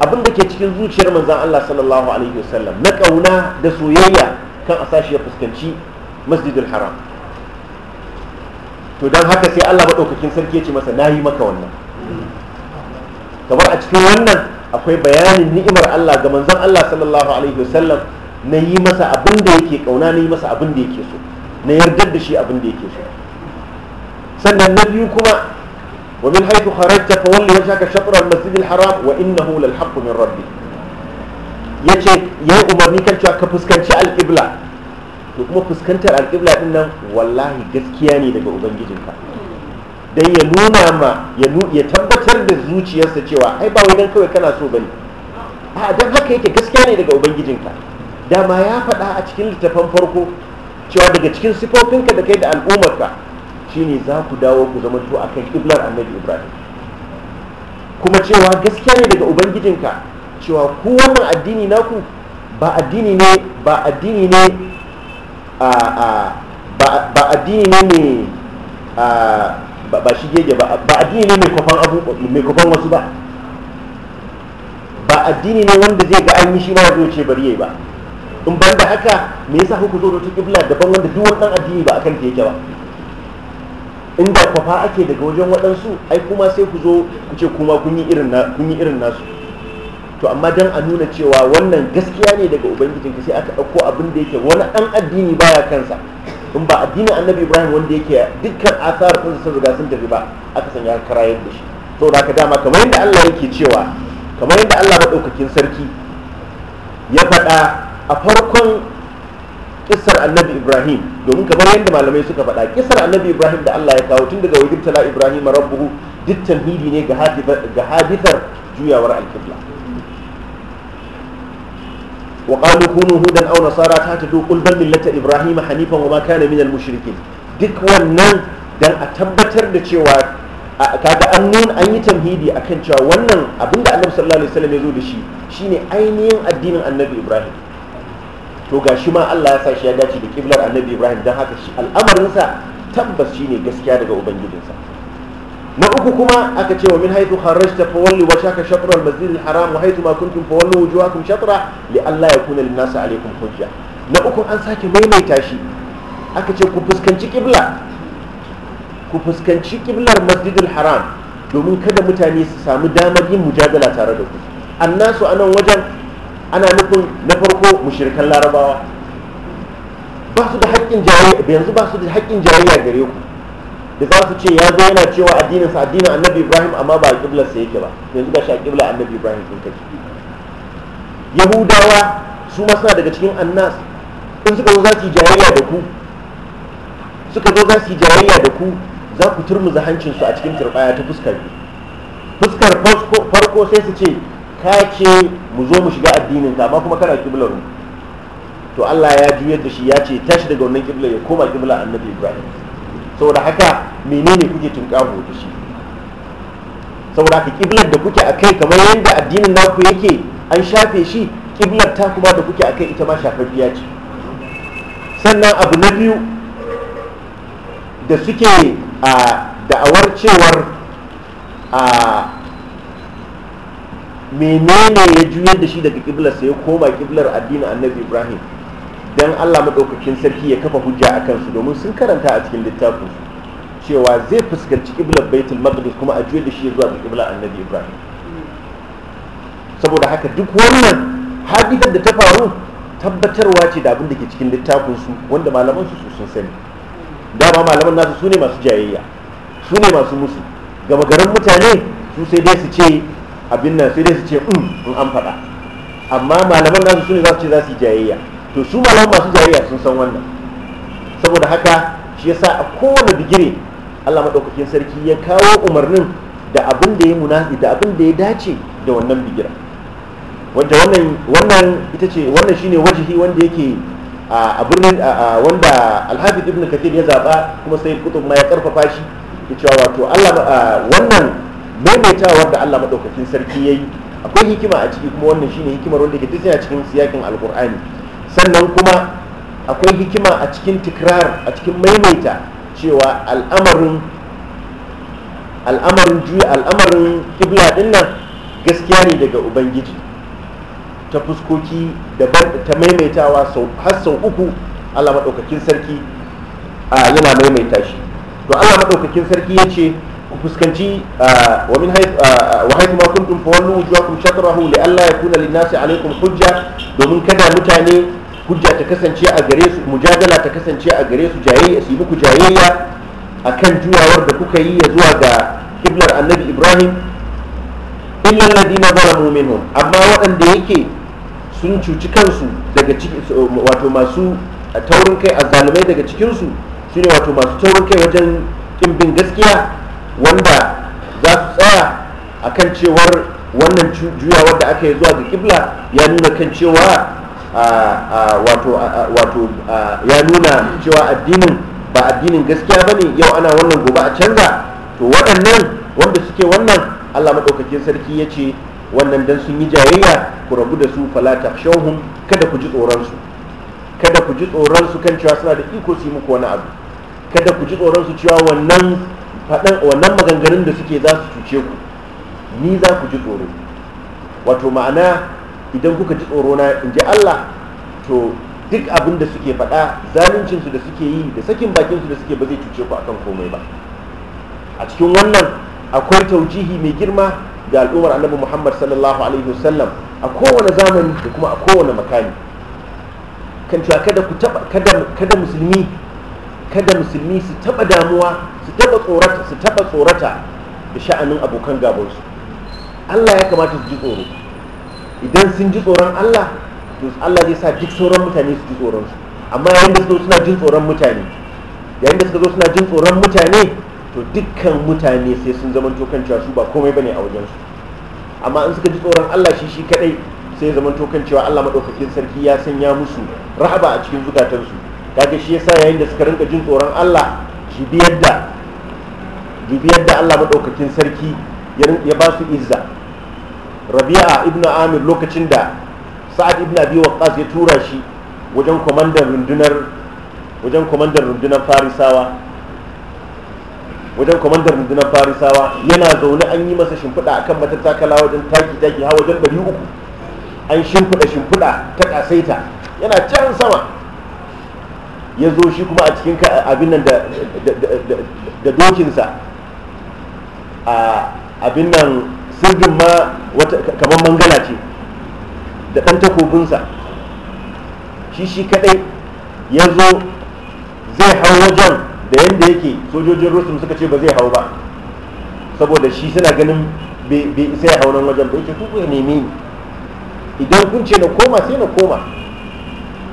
abin da ke cikin zuciyar manzan allah sallallahu alaihi wasallam na ƙauna da soyayya kan a sashi ya fuskanci masjidul haram to don haka sai allah maɗaukakin sarki ya ce masa na yi maka wannan kamar a cikin wannan akwai bayanin ni'imar allah ga manzan allah sallallahu alaihi wasallam na yi masa abin da yake ƙauna na yi masa abin da yake so na yardar da shi abin da yake so sannan na biyu kuma wa min haythu kharajta fa walli wajhaka shatr al-masjid al-haram wa innahu lal haqq min rabbi yace yayi umarni kan cewa ka fuskanci al-qibla to kuma fuskantar al-qibla din nan wallahi gaskiya ne daga ubangijinka dan ya nuna ma ya tabbatar da zuciyarsa cewa ai ba wai dan kawai kana so ba ne a dan haka yake gaskiya ne daga ubangijinka dama ya faɗa a cikin littafan farko cewa daga cikin sifofinka da kai da al'ummarka shine za ku dawo ku zama to akan kiblar annabi ibrahim kuma cewa gaskiya ne daga ubangijinka cewa ku wannan addini naku ba addini ne ba addini ne a a ba addini ne ne a ba shi gege ba ba addini ne mai kwafan abu mai wasu ba ba addini ne wanda zai ga an yi shi ma ya ce bari yayi ba in ban da haka me yasa kuka zo da wata kibla daban wanda duk wani dan addini ba akan ta yake ba inda kwafa ake daga wajen wadansu ai kuma sai ku zo ku ce kuma kun yi irin na kun yi irin nasu to amma dan a nuna cewa wannan gaskiya ne daga ubangijin ka sai aka dauko abin da yake wani dan addini baya kansa in ba addinin annabi ibrahim wanda yake dukkan asar sun sun riga sun tafi ba aka sanya karayar da shi to da dama kamar yadda allah yake cewa kamar yadda allah maɗaukakin sarki ya faɗa a farkon kisar annabi ibrahim domin kamar yadda malamai suka faɗa kisar annabi ibrahim da allah ya kawo tun daga wajen tala ibrahim rabbuhu duk tamhidi ne ga hadithar juyawar alkibla wa qalu kunu hudan aw nasara ta tadu qul bal millata ibrahim hanifan wa ma kana minal mushrikin duk wannan dan a tabbatar da cewa kaga an nuna an yi tamhidi akan cewa wannan abinda annabi sallallahu alaihi wasallam ya zo da shi shine ainihin addinin annabi ibrahim to ga shi ma Allah ya sa shi ya dace da kiblar annabi Ibrahim don haka shi al'amarinsa tabbas shi ne gaskiya daga ubangijinsa na uku kuma aka ce wa min haitu kharajta fa walli wajhaka shatr al masjid al haram wa haitu ma kuntum fa wujuhakum shatra li alla yakuna lin nas alaykum hujja na uku an sake maimaita shi aka ce ku fuskanci kibla ku fuskanci kiblar masjid al haram domin kada mutane su samu damar yin mujadala tare da ku annasu anan wajen ana nufin na farko mushirikan larabawa ba su da haƙƙin jayayya yanzu ba su da haƙƙin jayayya gare ku da za su ce ya zo yana cewa addinin sa addinin annabi ibrahim amma ba a ƙiblar sa yake ba yanzu ga shi a ƙiblar annabi ibrahim sun kaci yahudawa su ma suna daga cikin annas in suka zo za su yi jayayya da ku suka zo za su yi jayayya da ku za ku turmuza hancinsu a cikin turbaya ta fuskar fuskar farko sai su ce Ta ce mu zo mu shiga addinin ta amma kuma kana kiblar mu to Allah ya juyar da shi ya ce tashi daga wannan kiblar ya koma kiblar annabi Ibrahim saboda haka menene kuke tunkaho da shi saboda haka kiblar da kuke akai kamar yadda addinin naku yake an shafe shi kiblar ta kuma da kuke akai ita ma shafar biya ce sannan abu na biyu da suke a da'awar cewar a menene ya juya da shi daga kiblar sai ya koma kiblar addinin annabi ibrahim dan allah maɗaukakin sarki ya kafa hujja a kansu domin sun karanta a cikin littafin cewa zai fuskanci kiblar baitul maqdis kuma a juyar da shi zuwa ga kiblar annabi ibrahim saboda haka duk wannan hadisar da ta faru tabbatarwa ce da abin da ke cikin littafin su wanda malaman su sun sani dama malaman nasu su ne masu jayayya su ne masu musu gama garin mutane su sai dai su ce abin nan sai dai su ce mm, in an faɗa amma malaman nasu su ne za su ce za su yi jayayya to su malaman masu jayayya sun san wannan saboda haka shi yasa a kowane digire Allah maɗaukakin sarki ya kawo umarnin da abin da ya munafi da abin da ya dace da wannan bigira wanda wannan wannan ita ce wannan shine wajihi wanda yake a birnin wanda Alhafi ibn kathir ya zaba kuma sai kutub ma ya karfafa shi ya cewa wato Allah wannan maimaitawar da Allah madaukakin sarki yayi akwai hikima a ciki kuma wannan shine hikimar wanda ke tsaya cikin siyakin alkur'ani sannan kuma akwai hikima a cikin tikrar a cikin maimaita cewa al'amarin al'amarin juya al'amarin kibla din nan gaskiya ne daga ubangiji ta fuskoki daban ta maimaitawa har sau uku Allah maɗaukakin sarki yana maimaita shi to Allah maɗaukakin sarki ya ce ku fuskanci ah, wa min haythu ah, wa haythu ma kuntum fawallu wujuhakum shatrahu li alla yakuna lin-nasi alaykum hujja domin kada mutane hujja ta kasance a gare su mujadala ta kasance a gare su jayayya su yi muku jayayya akan juyawar da kuka yi ya zuwa ga kiblar annabi Ibrahim illa alladhina zalamu minhum amma waɗanda yake sun cuci kansu daga cikin wato masu taurin kai azzalumai daga cikin su shine wato masu taurin kai wajen kin bin gaskiya wanda za su tsaya a kan cewar wannan juyawar da aka yi zuwa ga kibla ya nuna kan cewa wato ya nuna cewa addinin ba addinin gaskiya ba ne yau ana wannan gobe a canza to waɗannan wanda suke wannan allah maɗaukakin sarki ya ce wannan don sun yi jayayya ku rabu da su falata shauhun kada ku ji tsoronsu kada ku ji tsoronsu kan cewa suna da iko su yi muku wani abu kada ku ji tsoronsu cewa wannan faɗan wannan maganganun da suke za su cuce ku ni za ku ji tsoro wato ma'ana idan kuka ji tsoro na in ji Allah to duk abin da suke faɗa zaluncinsu da suke yi da sakin bakinsu da suke ba zai cuce ku a kan komai ba a cikin wannan akwai taujihi mai girma da al'ummar annabi muhammad sallallahu alaihi wasallam a kowane zamani da kuma a kowane makami kan cewa kada ku kada musulmi kada musulmi su taba damuwa su taba tsorata su taba tsorata da sha'anin abokan gabansu Allah ya kamata su ji tsoro idan sun ji tsoron Allah to Allah zai sa duk sauran mutane su ji tsoron su amma yayin da suka suna jin tsoron mutane yayin da suka zo suna jin tsoron mutane to dukkan mutane sai sun zama to kan cewa su ba komai bane a wajen su amma in suka ji tsoron Allah shi shi kadai sai zaman to kan cewa Allah madaukakin sarki ya sanya musu rahaba a cikin zukatansu kaga shi yasa yayin da suka rinka jin tsoron Allah biyar da biyar da Allah madaukakin sarki ya ba su izza Rabi'a ibn Amir lokacin da Sa'ad ibn Abi Waqqas ya tura shi wajen komandan rundunar wajen komandan rundunar Farisawa wajen komandan rundunar Farisawa yana zaune an yi masa shimfiɗa akan matattakala wajen taki taki ha wajen 300 an shimfiɗa shimfiɗa ta kasaita yana can sama ya zo shi kuma a cikin abin nan da dokinsa a abin nan sirgin ma kamar mangala ce da ɗan takobinsa shi shi kadai ya zo zai hau wajen da yadda yake sojojin rusun suka ce ba zai hau ba saboda shi suna ganin bai isa ya hau nan wajen ba yake ku neme ni idan kun ce na koma sai na koma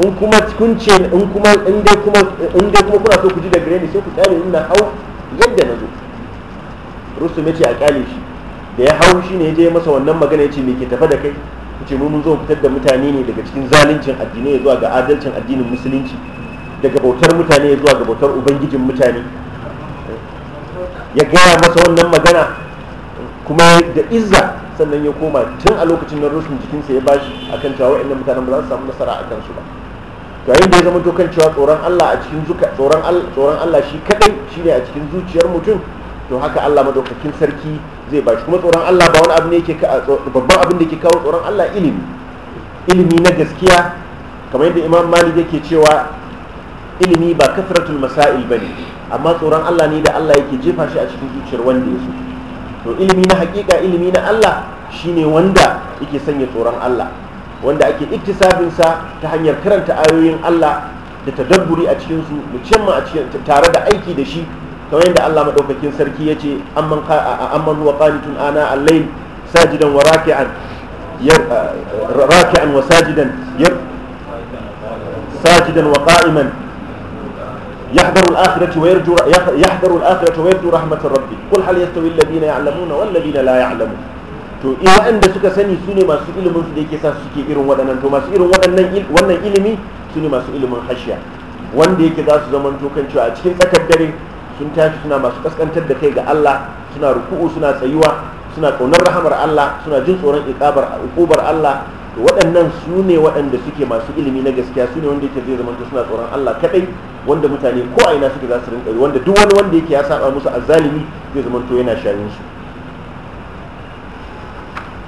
in kuma cikin ce in kuma in dai kuma kuna so ku ji da gare ni sai ku tsare ina hau yadda na zo rusu mai ce a kyale shi da ya hau shi ne ya je masa wannan magana ya ce me ke tafa da kai ku ce mun zo fitar da mutane ne daga cikin zaluncin addinai zuwa ga adalcin addinin musulunci daga bautar mutane ya zuwa ga bautar ubangijin mutane ya gaya masa wannan magana kuma da izza sannan ya koma tun a lokacin na rusun jikinsa ya bashi akan cewa wa'annan mutanen ba za su samu nasara a kansu ba yayin da ya zama dokan cewa tsoron Allah a cikin zuka tsoron Allah tsoron Allah shi kadai shine a cikin zuciyar mutum to haka Allah madaukakin sarki zai bashi kuma tsoron Allah ba wani abu ne yake babban abin da yake kawo tsoron Allah ilimi ilimi na gaskiya kamar yadda Imam Malik yake cewa ilimi ba kafratul masail bane amma tsoron Allah ne da Allah yake jefa shi a cikin zuciyar wanda ya so to ilimi na hakika ilimi na Allah shine wanda yake sanya tsoron Allah wanda ake iktisafinsa ta hanyar karanta ayoyin Allah da tadabburi a cikinsu musamman a cikin tare da aiki da shi kamar yadda Allah madaukakin sarki ya ce amman huwa qanitun ana al-layl sajidan wa raki'an raki'an wa sajidan sajidan wa qa'iman يحذر الآخرة ويرجو يحذر الآخرة ويرجو رحمة ربه قل هل يستوي الذين يعلمون والذين لا يعلمون to waɗanda suka sani su ne masu ilimin su da yake sa su suke irin waɗannan to masu irin waɗannan wannan ilimi su ne masu ilimin hashiya wanda yake za su zaman to kan cewa a cikin tsakar dare sun tashi suna masu kaskantar da kai ga Allah suna ruku'u suna tsayuwa suna ƙaunar rahamar Allah suna jin tsoron iqabar uqubar Allah to waɗannan su ne waɗanda suke masu ilimi na gaskiya su ne wanda yake zai zaman to suna tsoron Allah kadai wanda mutane ko a ina suke za su rinka wanda duk wani wanda yake ya saba musu azzalimi zai zaman to yana shayin su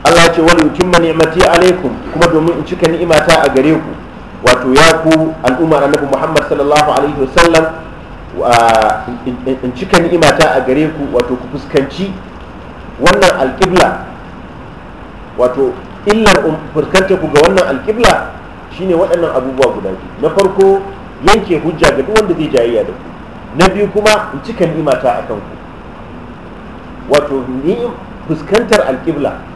Allah ce wani wal mani mati alaikum kuma domin in cika ni'imata a gare ku wato ya ku al'ummar annabi Muhammad sallallahu alaihi wa sallam in cika ni'imata a gare ku wato ku fuskanci wannan alƙibla wato illar um, fuskanta ku ga wannan alƙibla shine waɗannan abubuwa guda biyu na farko yanke hujja ga duk wanda zai jayayya da ku na biyu kuma in cika ni'imata a kanku wato ni fuskantar alƙibla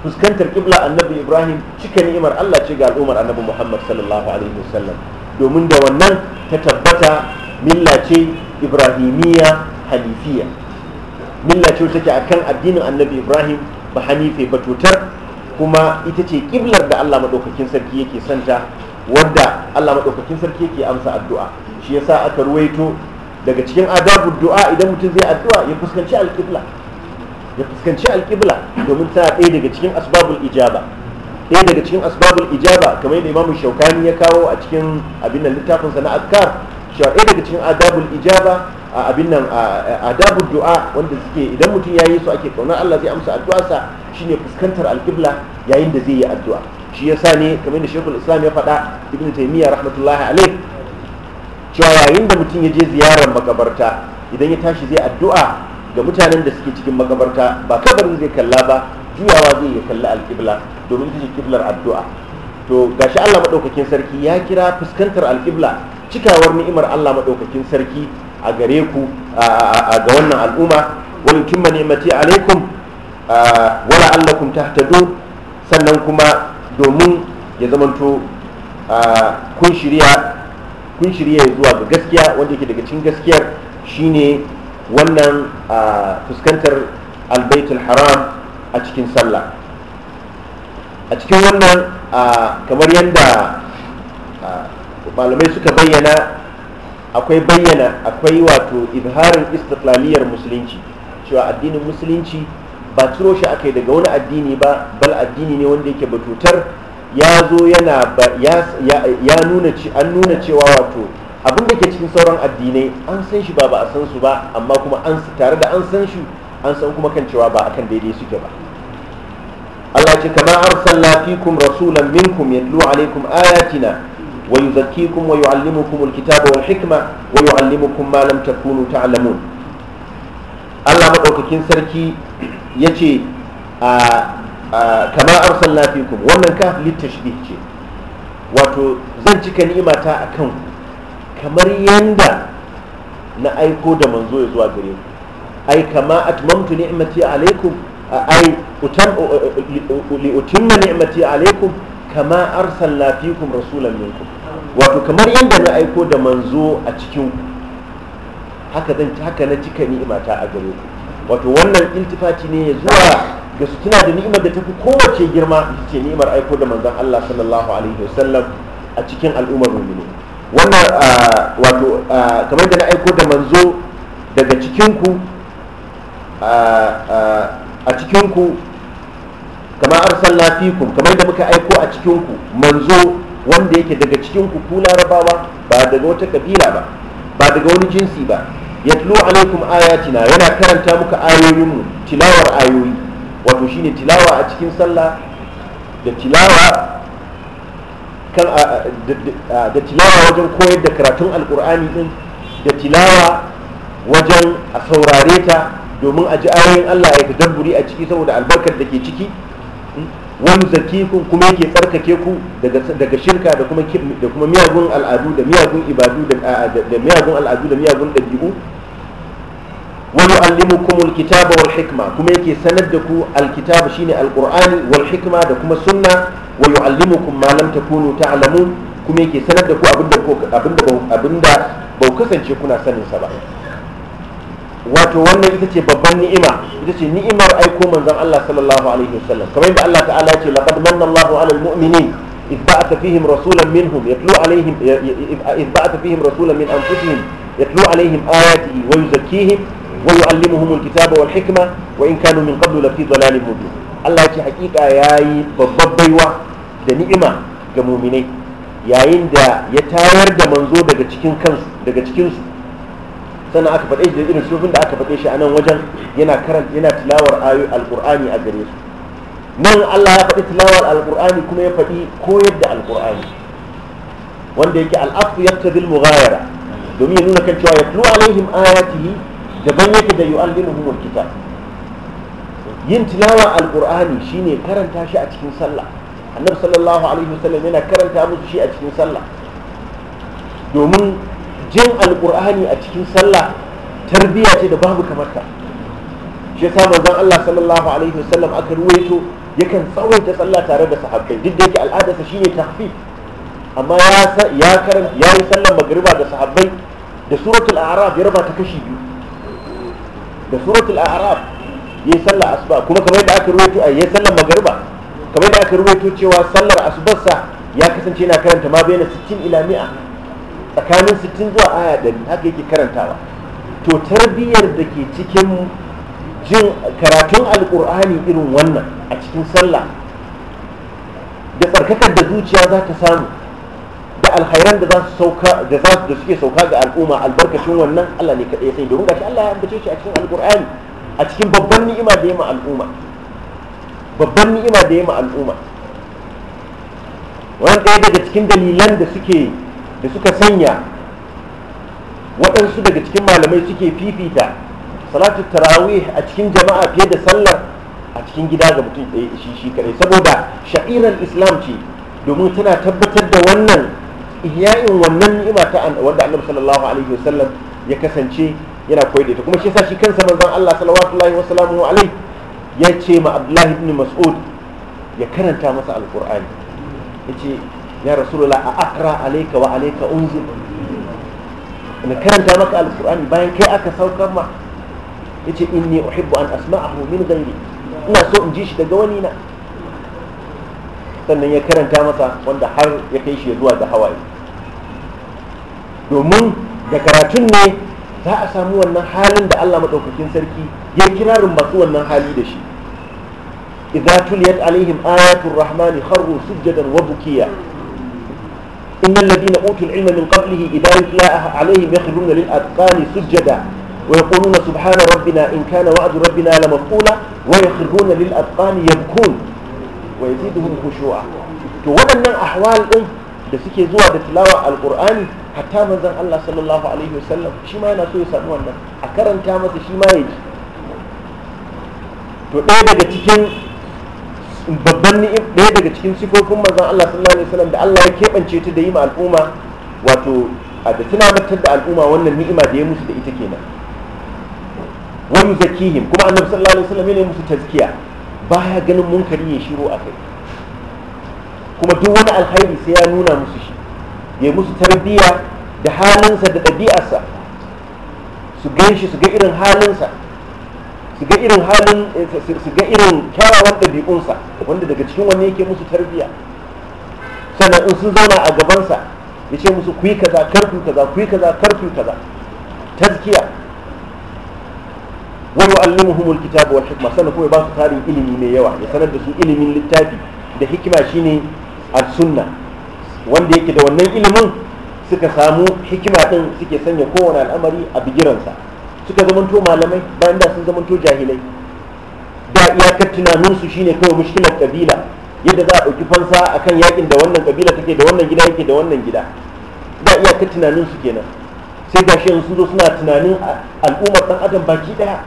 fuskantar kibla annabi ibrahim cika ni'imar allah ce ga al'ummar annabi muhammad sallallahu alaihi wasallam domin da wannan ta tabbata milla ce ibrahimiyya halifiya. milla ce ke akan addinin annabi ibrahim ba hanife ba tutar kuma ita ce kiblar da allah maɗaukakin sarki yake santa wadda allah maɗaukakin sarki yake amsa addu'a shi yasa aka ruwaito daga cikin adabu du'a idan mutum zai addu'a ya fuskanci alƙibla ya fuskanci alƙibla domin tana ɗaya daga cikin asbabul ijaba ɗaya daga cikin asbabul ijaba kamar yadda imamu shaukani ya kawo a cikin abin nan littafin sa na azkar cewa ɗaya daga cikin adabul ijaba a abin nan adabul du'a wanda suke idan mutum ya yi su ake kauna Allah zai amsa addu'arsa shine fuskantar alƙibla yayin da zai yi addu'a shi yasa ne kamar yadda shekul islam ya faɗa ibn taymiya rahmatullahi alaih cewa yayin da mutum ya je ziyarar makabarta idan ya tashi zai addu'a ga mutanen da suke cikin makabarta ba kabarin zai kalla ba juyawa zai ya kalla alƙibla domin ta kiblar addu'a to gashi Allah maɗaukakin sarki ya kira fuskantar alƙibla cikawar ni'imar Allah maɗaukakin sarki a gare ku ga wannan al'umma wal kimma ni'mati alaikum wala allakum tahtadu sannan kuma domin ya zamanto kun shirya kun shirya zuwa ga gaskiya wanda yake daga cikin gaskiyar shine wannan fuskantar albaitul haram a cikin sallah a cikin wannan kamar yadda malamai suka bayyana akwai bayyana akwai wato izharin istiklaliyar musulunci cewa addinin musulunci ba turo shi aka yi daga wani addini ba bal addini ne wanda yake batutar ya zo yana ya nuna nuna cewa wato abin da ke cikin sauran addinai an san shi ba ba a san su ba amma kuma an tare da an san shi an san kuma kan cewa ba akan daidai suke ba Allah ce kama arsalna fikum rasulan minkum yatlu alaikum ayatina wa yuzakkikum wa yuallimukum alkitaba wal hikma wa yuallimukum ma lam takunu ta'lamun Allah madaukakin sarki yace a kama arsalna fikum wannan ka litashbih ce wato zan cika ni'imata akan ku kamar yanda na aiko da manzo ya zuwa gare ku ai kama atmamtu ni'mati alaikum ai utam li utimma ni'mati alaikum kama arsalna fikum rasulan minkum wato kamar yanda na aiko da manzo a cikin haka zan haka na cika ni'imata a gare ku wato wannan iltifati ne ya zuwa ga su tuna da ni'imar da tafi kowace girma ita ce ni'imar aiko da manzon Allah sallallahu alaihi wasallam a cikin al'ummar mu'minin wannan ah, wato ah, kamar da na aiko da manzo daga cikinku ah, a cikinku an san lafikun kamar da muka aiko a cikinku manzo wanda yake daga cikinku ku larabawa ba daga wata kabila ba ba daga wani jinsi ba yatlu alaikum ayatina yana karanta muka ayoyinmu tilawar ayoyi wato shine tilawa a cikin sallah da tilawa da tilawa wajen koyar da karatun alkur'ani din da tilawa wajen a saurare ta domin a ji ayoyin allah ya tadabburi a ciki saboda albarkar da ke ciki hmm? wani zaki kuma yake tsarkake ku daga shirka da kuma miyagun al'adu da miyagun ibadu da miyagun al'adu da miyagun ɗabi'u wani allimukum alkitaba wal hikma kuma yake sanar da ku alkitaba shine alkur'ani wal hikma da kuma sunna wa yu'allimukum ma kunu ta alamu kuma yake sanar da ku abinda abinda kasance kuna saninsa ba wato wannan ita ce babban ni'ima ita ce ni'imar aiko manzon Allah sallallahu alaihi wasallam kamar yadda Allah ta'ala ce laqad manna Allahu 'alal mu'minin إذ بعث فيهم رسولا منهم يتلو عليهم إذ بعث فيهم رسولا من أنفسهم يتلو عليهم آياته ويزكيهم ويعلمهم الكتاب والحكمة وإن كانوا من قبل لفي ضلال مبين الله يجي حقيقة ياي da ni'ima ga muminai yayin da ya tayar da manzo daga cikin kansu daga cikin su sannan aka faɗe shi da irin sufin da aka faɗe shi a nan wajen yana karan yana tilawar ayoyi alƙur'ani a gare su nan Allah ya faɗi tilawar alƙur'ani kuma ya faɗi koyar da alƙur'ani wanda yake al'afu yaqtadil mughayara domin ya nuna kan cewa tlu alaihim ayatihi daban yake da yu'allimuhum alkitab yin tilawa alƙur'ani shine karanta shi a cikin sallah annabi sallallahu alaihi wasallam yana karanta musu shi a cikin sallah domin jin alkur'ani a cikin sallah tarbiyya ce da babu kamarta ta shi yasa manzon Allah sallallahu alaihi wasallam aka ruwaito yakan tsawaita sallah tare da sahabbai duk da yake al'adarsa shine tahfif amma ya ya karanta ya yi sallar magriba da sahabbai da suratul a'raf ya raba ta kashi biyu da suratul a'raf yayi sallar asuba kuma kamar yadda aka ruwaito a yayi sallar magriba kamar da aka rubuto cewa sallar asubarsa ya kasance yana karanta ma bai na 60 ila mi'a tsakanin sittin zuwa aya 100 haka yake karantawa to tarbiyyar da ke cikin jin karatun alkur'ani irin wannan a cikin sallah da tsarkakar da zuciya za ta samu da alkhairan da za su sauka da za suke sauka ga al'umma albarkacin wannan Allah ne kaɗai sai domin gashi Allah ya ambace shi a cikin alkur'ani a cikin babban ni'ima da ya al'umma babban ni'ima da ya ma al'umma wani ɗaya daga cikin dalilan da suke da suka sanya waɗansu daga cikin malamai suke fifita salatu tarawih a cikin jama'a fiye da sallar a cikin gida ga mutum ɗaya shi shi kaɗai saboda sha'irar islam ce domin tana tabbatar da wannan ihya'in wannan ni'ima ta wanda annabi sallallahu alaihi wasallam ya kasance yana koyar da ita kuma shi yasa shi kansa manzon Allah sallallahu alaihi wasallam alaihi ya ce ma abdullahi ibn mas'ud ya karanta masa alkur'ani ya ce ya rasulullah a akra alaika wa alaika unzil na karanta maka alkur'ani bayan kai aka saukar ma ya ce inni uhibbu an asma'ahu min ghairi ina so in ji shi daga wani na sannan ya karanta masa wanda har ya kai shi zuwa da hawaye domin da karatun ne za a samu wannan halin da Allah maɗaukakin sarki ya kirarin masu wannan hali da shi idza tuliyat alaihim ayatul rahmani kharru sujjadan wa bukiya innal ladina utul ilma min qablihi idza yutla alaihim yakhruna lil atqani sujjada wa yaquluna subhana rabbina in kana wa'du rabbina lamaf'ula wa yakhruna lil atqani yabkun wa yaziduhum khushu'a to waɗannan ahwal din da suke zuwa da tilawa alqur'ani hatta manzon Allah sallallahu alaihi wasallam shi ma yana so ya samu wannan a karanta masa shi ma ya ji to ɗaya daga cikin babban ni'im ɗaya daga cikin sifofin manzon Allah sallallahu alaihi wasallam da Allah ya keɓance ta da yi ma al'umma wato a da tunatar da al'umma wannan ni'ima da ya musu da ita kenan wa yuzakihim kuma annabi sallallahu alaihi wasallam yana musu tazkiya baya ganin munkari ya shiro akai kuma duk wani alkhairi sai ya nuna musu shi ya musu tarbiya da halinsa da ɗabi'arsa su gan shi su ga irin halinsa su ga irin halin eh, su ga irin kyawawan ɗabi'unsa wanda daga cikin wani yake musu tarbiya sannan in sun zauna a gabansa ya ce musu ku yi kaza karku kaza ku yi kaza karku kaza tazkiya wa yu'allimuhumul kitaba wal hikma sannan kuma ya ba su tarin ilimi mai yawa ya sanar da su ilimin littafi da hikima shine al-sunna wanda yake da wannan ilimin suka samu hikima din suke sanya kowane al'amari a bigiransa suka zamanto malamai bayan da sun zamanto jahilai da iyakar tunaninsu shine kawai mushkilar kabila yadda za a ɗauki fansa a kan yakin da wannan kabila take da wannan gida yake da wannan gida da iyakar tunaninsu kenan sai ga shi sun zo suna tunanin al'ummar ɗan adam baki ɗaya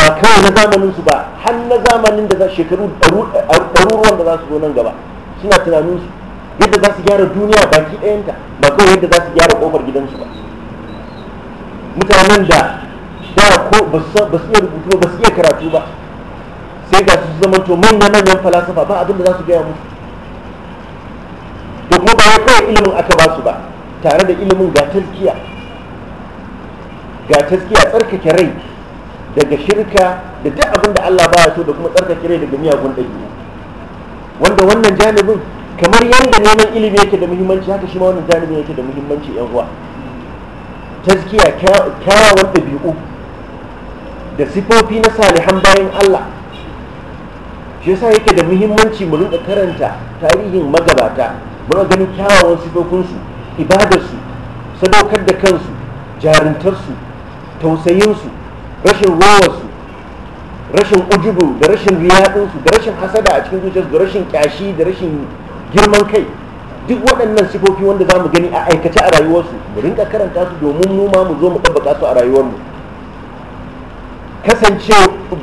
ba kawai na zamaninsu ba har na zamanin da za shekaru ɗaruruwan da za su zo nan gaba suna tunanin su yadda za su gyara duniya baki ɗayanta ba kawai yadda za su gyara ƙofar gidansu ba mutanen da da ko ba su iya rubutu ba su iya karatu ba sai ga su zama to manya-manyan falasafa ba abinda za su gaya musu to kuma ba ya kawai ilimin aka ba su ba tare da ilimin ga taskiya tsarkake rai daga shirka da duk abin Allah ba ya so da kuma tsarkake rai daga miyagun ɗabi'u wanda wannan janibin kamar yadda neman ilimi yake da muhimmanci haka shi ma wannan janibin yake da muhimmanci yan uwa tazkiya kyawawan ɗabi'u da sifofi na salihan bayan Allah shi yasa yake da muhimmanci mu rinka karanta tarihin magabata muna ganin kyawawan sifofinsu ibadarsu sadaukar da kansu jarintarsu tausayinsu rashin rowarsu rashin ujubu da rashin riyaɗinsu da rashin hasada a cikin zuciyarsu da rashin kyashi da rashin girman kai duk waɗannan sifofi wanda za mu gani a aikace a rayuwarsu mu rinka karanta su domin mu ma mu zo mu ɗabbaka su a rayuwarmu kasance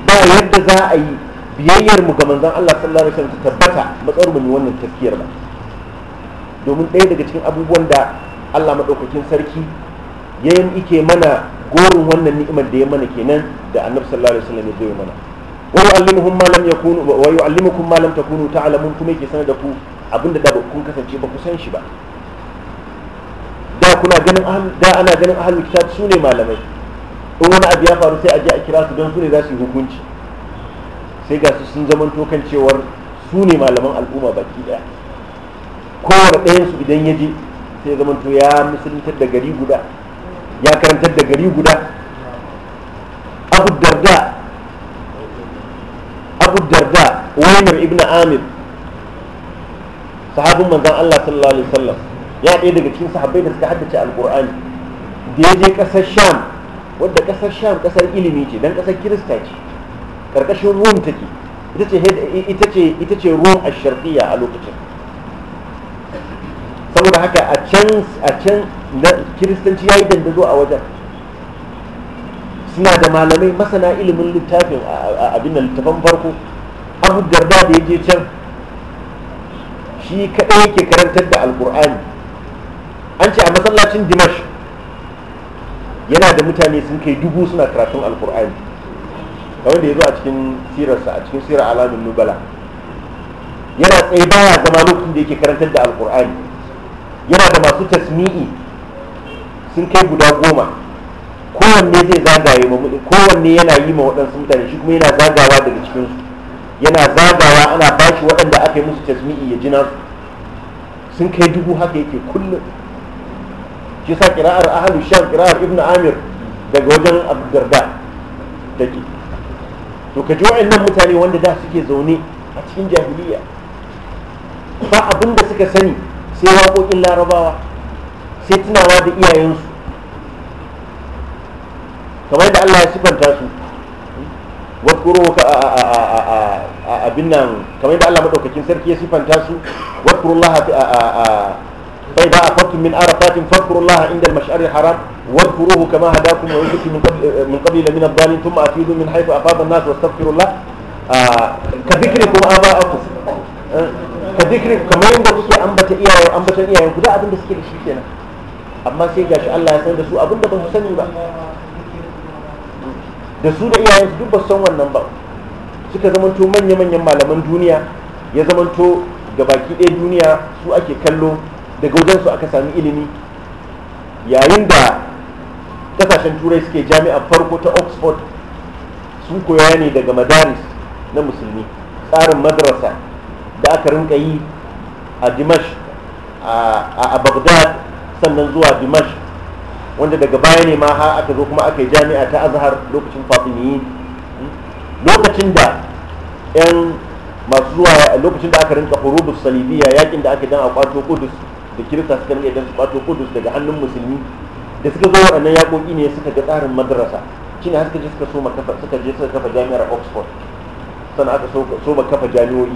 ba yadda za a yi biyayyar mu ga manzon Allah sallallahu alaihi wasallam tabbata matsar mu wannan taskiyar ba domin ɗaya daga cikin abubuwan da Allah madaukakin sarki yayin ike mana gorin wannan ni'imar da ya mana kenan da annabi sallallahu alaihi wasallam ya zo mana wa yu'allimuhum ma lam yakunu wa yu'allimukum ma lam takunu ta'lamun kuma yake sanar da ku abinda da kun kasance ba ku san shi ba da kuna ganin da ana ganin ahlul kitab su ne malamai in wani abu ya faru sai a je a kira su don su ne za su yi hukunci sai ga su sun zamanto kan cewar su ne malaman al'umma baki daya kowane ɗayan su idan ya je sai to ya musuluntar da gari guda ya karantar da gari guda abu darda darda wainar ibn amir sahabin manzan allah sallallahu alaihi wasallam ya ɗaya daga cikin sahabbai da suka haddace alƙur'ani da ya je ƙasar sham wadda ƙasar sham ƙasar ilimi ce don ƙasar kirista ce ƙarƙashin rum take ita ce rum a sharfiya a lokacin saboda haka a can kiristanci ya yi dandazo a wajen suna da malamai masana ilimin littafin abin da littafan farko abu garda da je can shi kaɗai yake karantar da alƙur'ani an ce a masallacin dimash yana da mutane sun kai dubu suna karatun alƙur'ani kamar da ya zo a cikin sirarsa a cikin sirar alamun nubala yana tsaye baya zama lokacin da yake karantar da alkur'ani yana da masu tasmi'i sun kai guda goma kowanne zai zagaye ma kowanne yana yi ma waɗansu mutane shi kuma yana zagawa daga cikinsu yana zagawa ana bashi waɗanda aka yi musu tasmi'i ya jina sun kai dubu haka yake kullum shi sa kira'ar ahalu sham kira'ar ibnu amir daga wajen da ke to ka ji wa'annan mutane wanda da suke zaune a cikin jahiliya ba abin da suka sani sai waƙoƙin larabawa sai tunawa da iyayensu kamar da Allah ya sifanta su wakuro ka abin nan kamar da Allah madaukakin sarki ya sifanta su wakurullaha bai ba a fatin min arafatin fakurullaha inda mashari haram wakuruhu kama hadakum wa yusuki min kabila min ad-dhalin thumma afidu min haythu afada an-nas wastaghfirullah ka kuma a ba a aba'akum eh, ka dhikrikum kamar yadda kuke ambata iyayen ambatan iyayen ku da abin da suke da shi kenan amma sai gashi Allah ya san da su da ba su sani ba da su da iyayensu duk ba san wannan ba suka zamanto manya-manyan malaman duniya ya zamanto ga baki ɗaya duniya su ake kallo daga su aka sami ilimi yayin da kasashen turai suke jami'ar farko ta oxford sun koya ne daga madaris na musulmi tsarin madrasa da aka rinka yi a dimash a baghdad sannan zuwa dimash wanda daga baya ne ma har aka zo kuma aka yi jami'a ta azhar lokacin fatimiyi lokacin da yan masu zuwa lokacin da aka rinka hurubus salibiya yakin da aka dan a kwato kudus da kirista suka rinka dan su kwato kudus daga hannun musulmi da suka zo waɗannan yakoki ne suka ga tsarin madrasa shine har suka je suka so suka je suka kafa jami'ar oxford sannan aka so kafa jami'o'i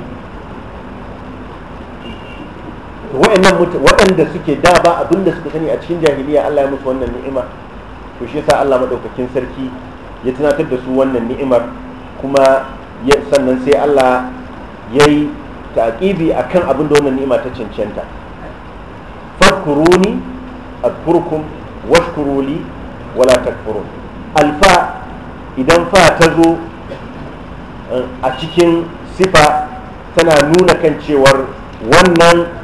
waɗanda suke da ba abin suka sani a cikin jahiliya Allah ya musu wannan ni'ima to shi yasa Allah madaukakin sarki ya tunatar da su wannan ni'imar kuma sannan sai Allah ya yi taƙibi a kan abin da wannan ni'ima ta cancanta fadkuruni adkurkum washkuruli wala takfurun alfa idan fa ta zo eh, a cikin sifa tana nuna kan cewar wannan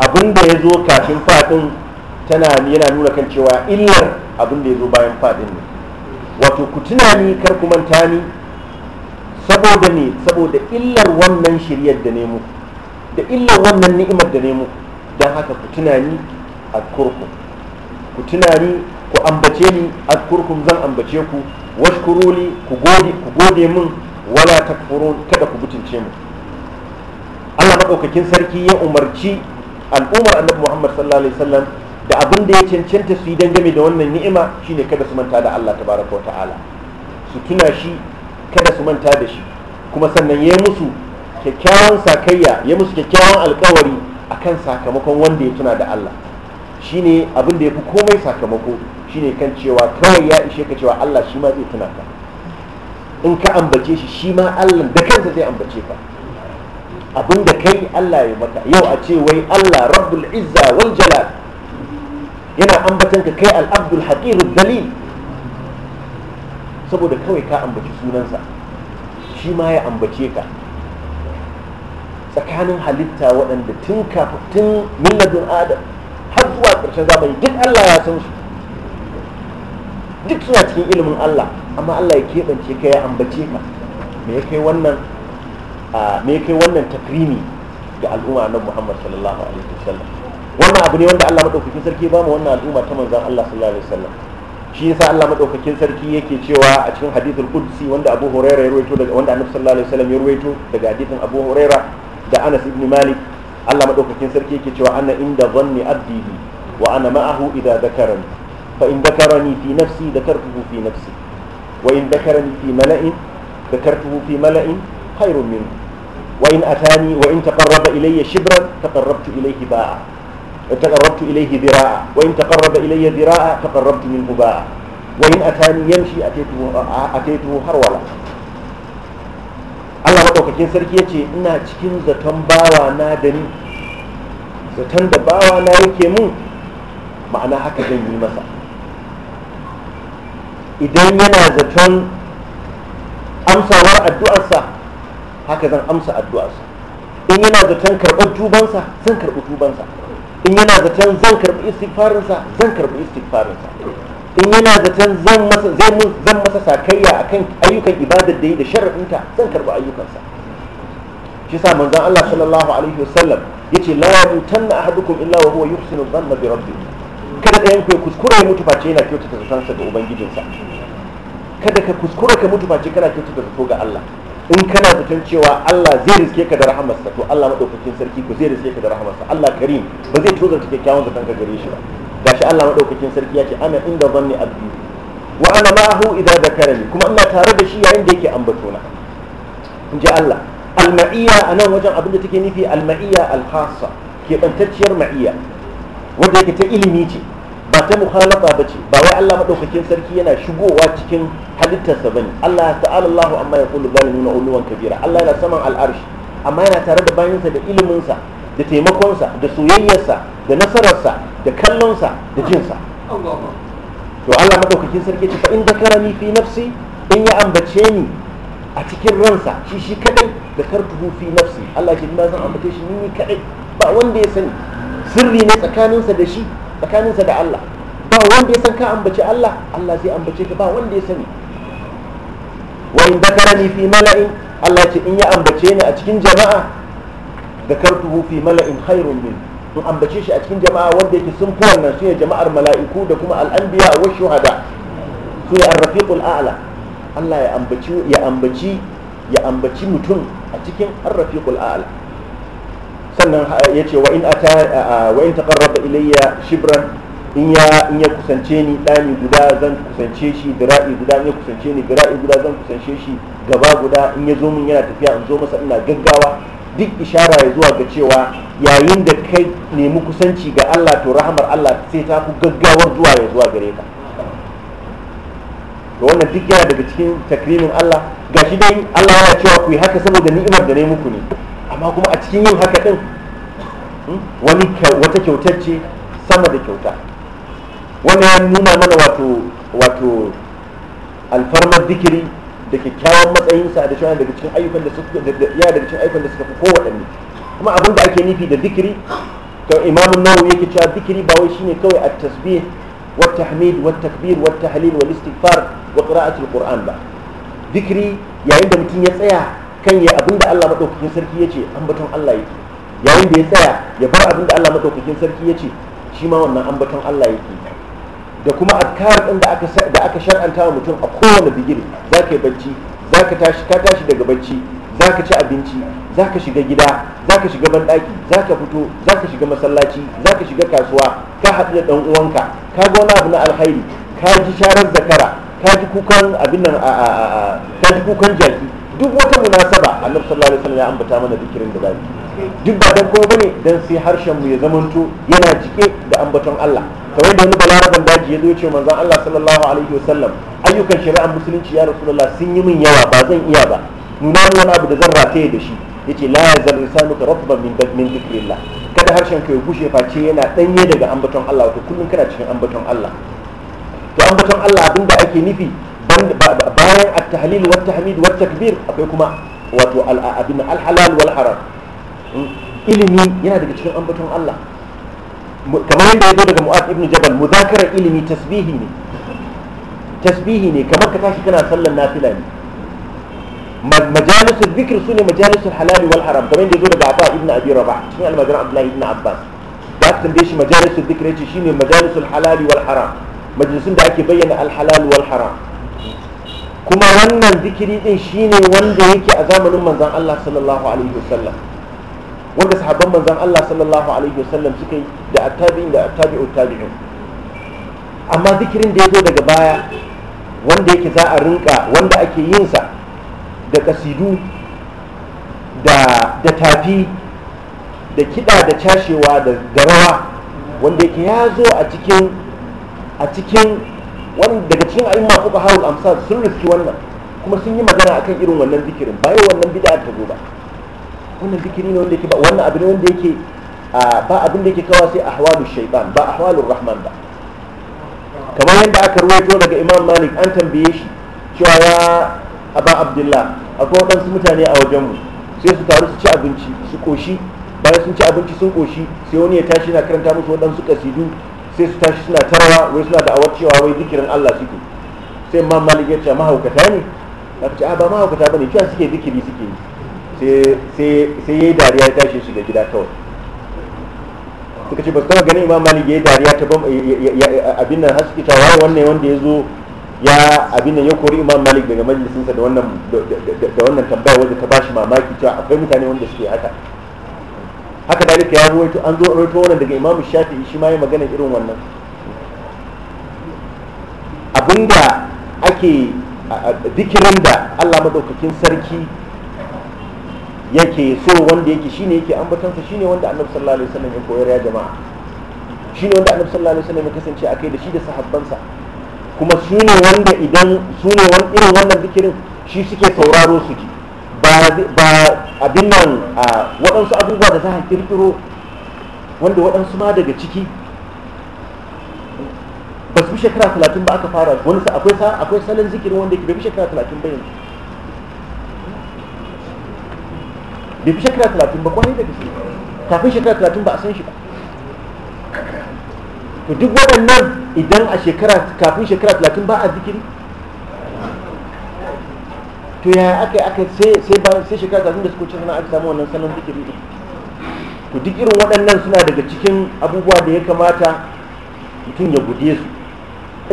abin da ya zo kafin fadin tana yana nuna kan cewa illar abin da ya zo bayan fadin ne wato ku tuna ni kar ku manta ni saboda ne saboda illar wannan shiryar da ne da illar wannan ni'imar da ne don haka ku tuna ni a kurku ku tuna ni ku ambace ni a kurkum zan ambace ku washkuruli ku gode ku gode min wala takfurun kada ku mutunce mu Allah madaukakin sarki ya umarci al'ummar annabi muhammad sallallahu alaihi wasallam da abin da ya cancanta su yi dangane da wannan ni'ima shine kada su manta da allah tabaraka wa ta'ala su tuna shi kada su manta da shi kuma sannan ya musu kyakkyawan sakayya ya musu kyakkyawan alkawari akan sakamakon wanda ya tuna da allah shine abin da ya fi komai sakamako shine kan cewa kawai ya ishe ka cewa allah shi ma zai tuna ka in ka ambace shi shi ma allah da kansa zai ambace ka abinda kai Allah ya mata yau a ce wai Allah rabbul izza wal jalal yana ambatan ka kai al-abdul haqir dalil saboda kawai ka ambaci sunansa shi ma ya ambace ka tsakanin halitta waɗanda tun kafin tun milladun adam har zuwa ƙarshen zamani duk Allah ya san su duk suna cikin ilimin Allah amma Allah ya keɓance ka ya ambace ka me ya kai wannan Ah, me kai wannan takrimi ga al'umma annabi Muhammad sallallahu alaihi wasallam wannan abu ne wanda Allah madaukakin sarki ya mu wannan al'umma ta manzon Allah sallallahu alaihi wasallam shi yasa Allah madaukakin sarki yake cewa a cikin hadithul qudsi wanda Abu Hurairah ya ruwaito daga wanda Annabi sallallahu alaihi wasallam ya ruwaito daga hadithin Abu Hurairah da Anas ibn Malik Allah madaukakin sarki yake cewa ana inda zanni abdi wa ana ma'ahu idza dhakarani fa in dhakarani fi nafsi dhakartuhu fi nafsi wa in dhakarani fi mala'in dhakartuhu fi mala'in khairun min wa in atani wa in taqarraba ilayya shibran taqarrabtu ilayhi ba'a taqarrabtu ilayhi dhira'a wa in taqarraba ilayya dhira'a taqarrabtu minhu ba'a wa in atani Allah madaukakin sarki yace ina cikin zaton bawa na da ni zaton da bawa na yake mun ma'ana haka zan yi masa idan yana zaton amsawar addu'arsa haka zan amsa addu'arsa in yana zaton karɓar tubansa zan karɓi tubansa in yana zaton zan karɓi istighfarinsa zan karɓi istighfarinsa in yana zaton zan masa zai mun zan masa sakayya akan ayyukan ibadar da yi da sharaɗinta zan karɓi ayyukansa shi sa manzon Allah sallallahu alaihi wasallam yace la yutanna ahadukum illa wa huwa yuhsinu dhanna bi rabbih kada ɗayan ku kuskure ya mutu face yana kyautata zatonsa ga ubangijinsa kada ka kuskura ka mutu face kana kyautata zato ga Allah in kana fitan cewa Allah zai riske ka da rahamarsa to Allah madaukakin sarki ko zai riske ka da rahamarsa Allah karim ba zai tozarta kyakkyawan zaton ka gare shi ba gashi Allah madaukakin sarki ya ce ana inda zanni abdi wa ana ma'ahu idza dakarani kuma ina tare da shi yayin da yake na in ji Allah al-ma'iyya anan wajen abin da take nufi al-khassa ke bantacciyar ma'iyya wanda yake ta ilimi ce ba ta mukhalafa ba ce ba wai Allah maɗaukakin sarki yana shigowa cikin halittarsa ba ne Allah ta'ala Allahu amma ya kullu nuna uluwan kabira Allah yana saman al'arshi amma yana tare da bayansa da iliminsa da taimakonsa da soyayyarsa da nasararsa da kallonsa da jinsa to Allah maɗaukakin sarki ce fa in zakarani fi nafsi in ya ambace ni a cikin ransa shi shi kaɗai da kartuhu fi nafsi Allah ke ina zan ambace shi ni kaɗai ba wanda ya sani sirri ne tsakaninsa da shi tsakaninsa da Allah ba wanda ya san ka ambaci Allah Allah zai ambace ka ba wanda ya sani wa in dakarani fi mala'in Allah ce in ya ambace ni a cikin jama'a dakartuhu fi mala'in khairun min in ambace shi a cikin jama'a wanda yake sun fi wannan shine jama'ar mala'iku da kuma al'anbiya wa shuhada su ya rafiqul a'la Allah ya ambaci ya ambaci ya ambaci mutum a cikin ar-rafiqul a'la sannan ya ce wa in ta wa da ilayya shibran in ya ya kusance ni dani guda zan kusance shi dira'i guda in ya kusance ni dira'i guda zan kusance shi gaba guda in ya zo min yana tafiya in zo masa ina gaggawa duk ishara ya zuwa ga cewa yayin da kai nemi kusanci ga Allah to rahamar Allah sai ta ku gaggawar zuwa ya zuwa gare ka to wannan duk yana daga cikin takrimin Allah gashi dai Allah ya cewa ku yi haka saboda ni'imar da ne muku ne amma kuma a cikin yin haka din hmm, wani wata kyautar ce sama da kyauta wani ya nuna mana wato wato alfarmar zikiri da kyakkyawan matsayinsa da daga cikin ayyukan da suka ya daga cikin ayyukan da suka fi kowaɗanne kuma abin da ake nufi da dikiri to imamu nawawi yake cewa zikiri ba wai shine kawai at-tasbih wa tahmid wa takbir wa tahlil wa istighfar wa qira'atul qur'an ba zikiri yayin da mutum ya tsaya kan ya abinda Allah madaukakin sarki ya ce ambaton Allah yake yayin da ya tsaya ya bar abinda Allah madaukakin sarki ya ce shi ma wannan ambaton Allah yake da kuma a din da aka da aka shar'anta wa mutum a kowane za zaka yi bacci zaka tashi ka tashi daga bacci zaka ci abinci zaka shiga gida zaka shiga banɗaki zaka fito zaka shiga masallaci zaka shiga kasuwa ka haɗu da ɗan uwanka ka ga wani abu na alkhairi ka ji sharar zakara ka ji kukan abin nan ka ji kukan jaki duk wata jaraba annabi sallallahu alaihi wasallam ya ambata mana zikirin da zamu duk ba dan kowa bane dan sai harshen mu ya zamanto yana cike da ambaton Allah kamar da wani balaraban daji ya zo ce manzon Allah sallallahu alaihi wasallam ayyukan shari'ar musulunci ya rasulullah sun yi min yawa ba zan iya ba nuna min wani abu da zan rataye da shi yace la yazal ka rabban min min dhikrillah kada harshen ka ya gushe face yana danye daga ambaton Allah to kullun kana cikin ambaton Allah to ambaton Allah abinda ake nufi bayan at-tahlil wat tahmid wat takbir akwai kuma wato abin alhalal wal haram hmm? ilimi yana daga cikin ambaton Allah kamar yadda ya zo daga mu'ad ibn jabal muzakarar ilimi tasbihi ne tasbihi ne kamar ka tashi kana sallar nafila ne majalisul zikr su ne majalisul halal wal haram kamar yadda ya zo daga abba ibn abi rabah cikin almajiran abdullahi ibn abbas da aka tambaye shi majalisul zikr yace shine majalisul halal wal haram majalisun da ake bayyana alhalal wal haram kuma wannan zikiri din shine wanda yake a zamanin manzan Allah sallallahu alaihi wasallam wanda sahabban manzan Allah sallallahu alaihi wasallam suka yi da attabi'in da attabi'u tabi'in amma zikirin da yazo daga baya wanda yake za a rinka wanda ake yin sa da kasidu da da tafi da kida da cashewa da garawa wanda yake ya zo a cikin a cikin wani daga cikin a'imma fuka hawul amsal sun riski wannan kuma sun yi magana akan irin wannan zikirin bayan wannan bid'a ta zo ba wannan zikiri ne wanda yake ba wannan abin wanda yake ba abin da yake kawo sai ahwalu shaytan ba ahwalu rahman ba kamar yadda aka ruwaito daga imam malik an tambaye shi cewa ya aba abdullah akwai waɗansu mutane a wajenmu sai su taru su ci abinci su koshi bayan sun ci abinci sun koshi sai wani ya tashi na karanta musu waɗansu kasidu sai su tashi suna tarawa wai suna da awar cewa wai zikirin Allah suke sai ma malike ce mahaukata ne aka ce a ba mahaukata bane cewa suke zikiri suke yi sai yayi dariya ya tashi su da gida kawai suka ce ba su taba ganin imam malik yi dariya ta abin nan har suke cewa wannan wanda ya zo ya abin nan ya kori imam malik daga majalisinsa da wannan da wannan tambaya wanda ta bashi mamaki cewa akwai mutane wanda suke haka haka da ya ruwaito an zo ruwaito wannan daga imam shafi shi ma ya magana irin wannan abinda ake dikirin da Allah madaukakin sarki yake so wanda yake shine yake ambatansa shine wanda annabi sallallahu alaihi wasallam ya koyar ya jama'a shine wanda annabi sallallahu alaihi wasallam ya kasance a kai da shi da sahabbansa kuma shine wanda idan shine wani irin wannan dikirin shi suke sauraro su ji ba abin nan waɗansu abubuwa da za a kirkiro wanda waɗansu ma daga ciki ba su bi shekara talatin ba aka fara wani akwai akwai salon zikirin wanda ke bai bi shekara talatin ba yanzu bai bi shekara talatin ba kwanai daga gaske kafin shekara talatin ba a san shi ba to duk waɗannan idan a shekara kafin shekara talatin ba a zikiri to ya aka aka sai sai ba sai shekara da suka wuce sana aka samu wannan salon duk din to duk irin waɗannan suna daga cikin abubuwa da ya kamata mutum ya guje su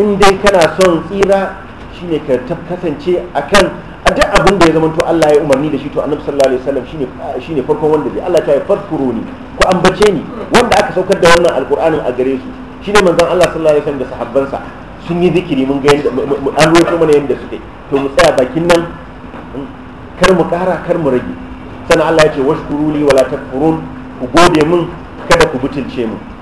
in dai kana son tsira shine ka kasance akan a duk abin da ya zama to Allah ya umarni da shi to annabi sallallahu alaihi wasallam shine shine farkon wanda zai Allah ta ya fadkuruni ko ambace ni wanda aka saukar da wannan alqur'anin a gare su shine manzon Allah sallallahu alaihi wasallam da sahabbansa sun yi zikiri mun ga yanda an roƙo mana yanda suke to mu tsaya bakin nan kar mu kara kar mu rage sannan Allah ya ce washkuruni wala takfurun ku gode min kada ku butulce mu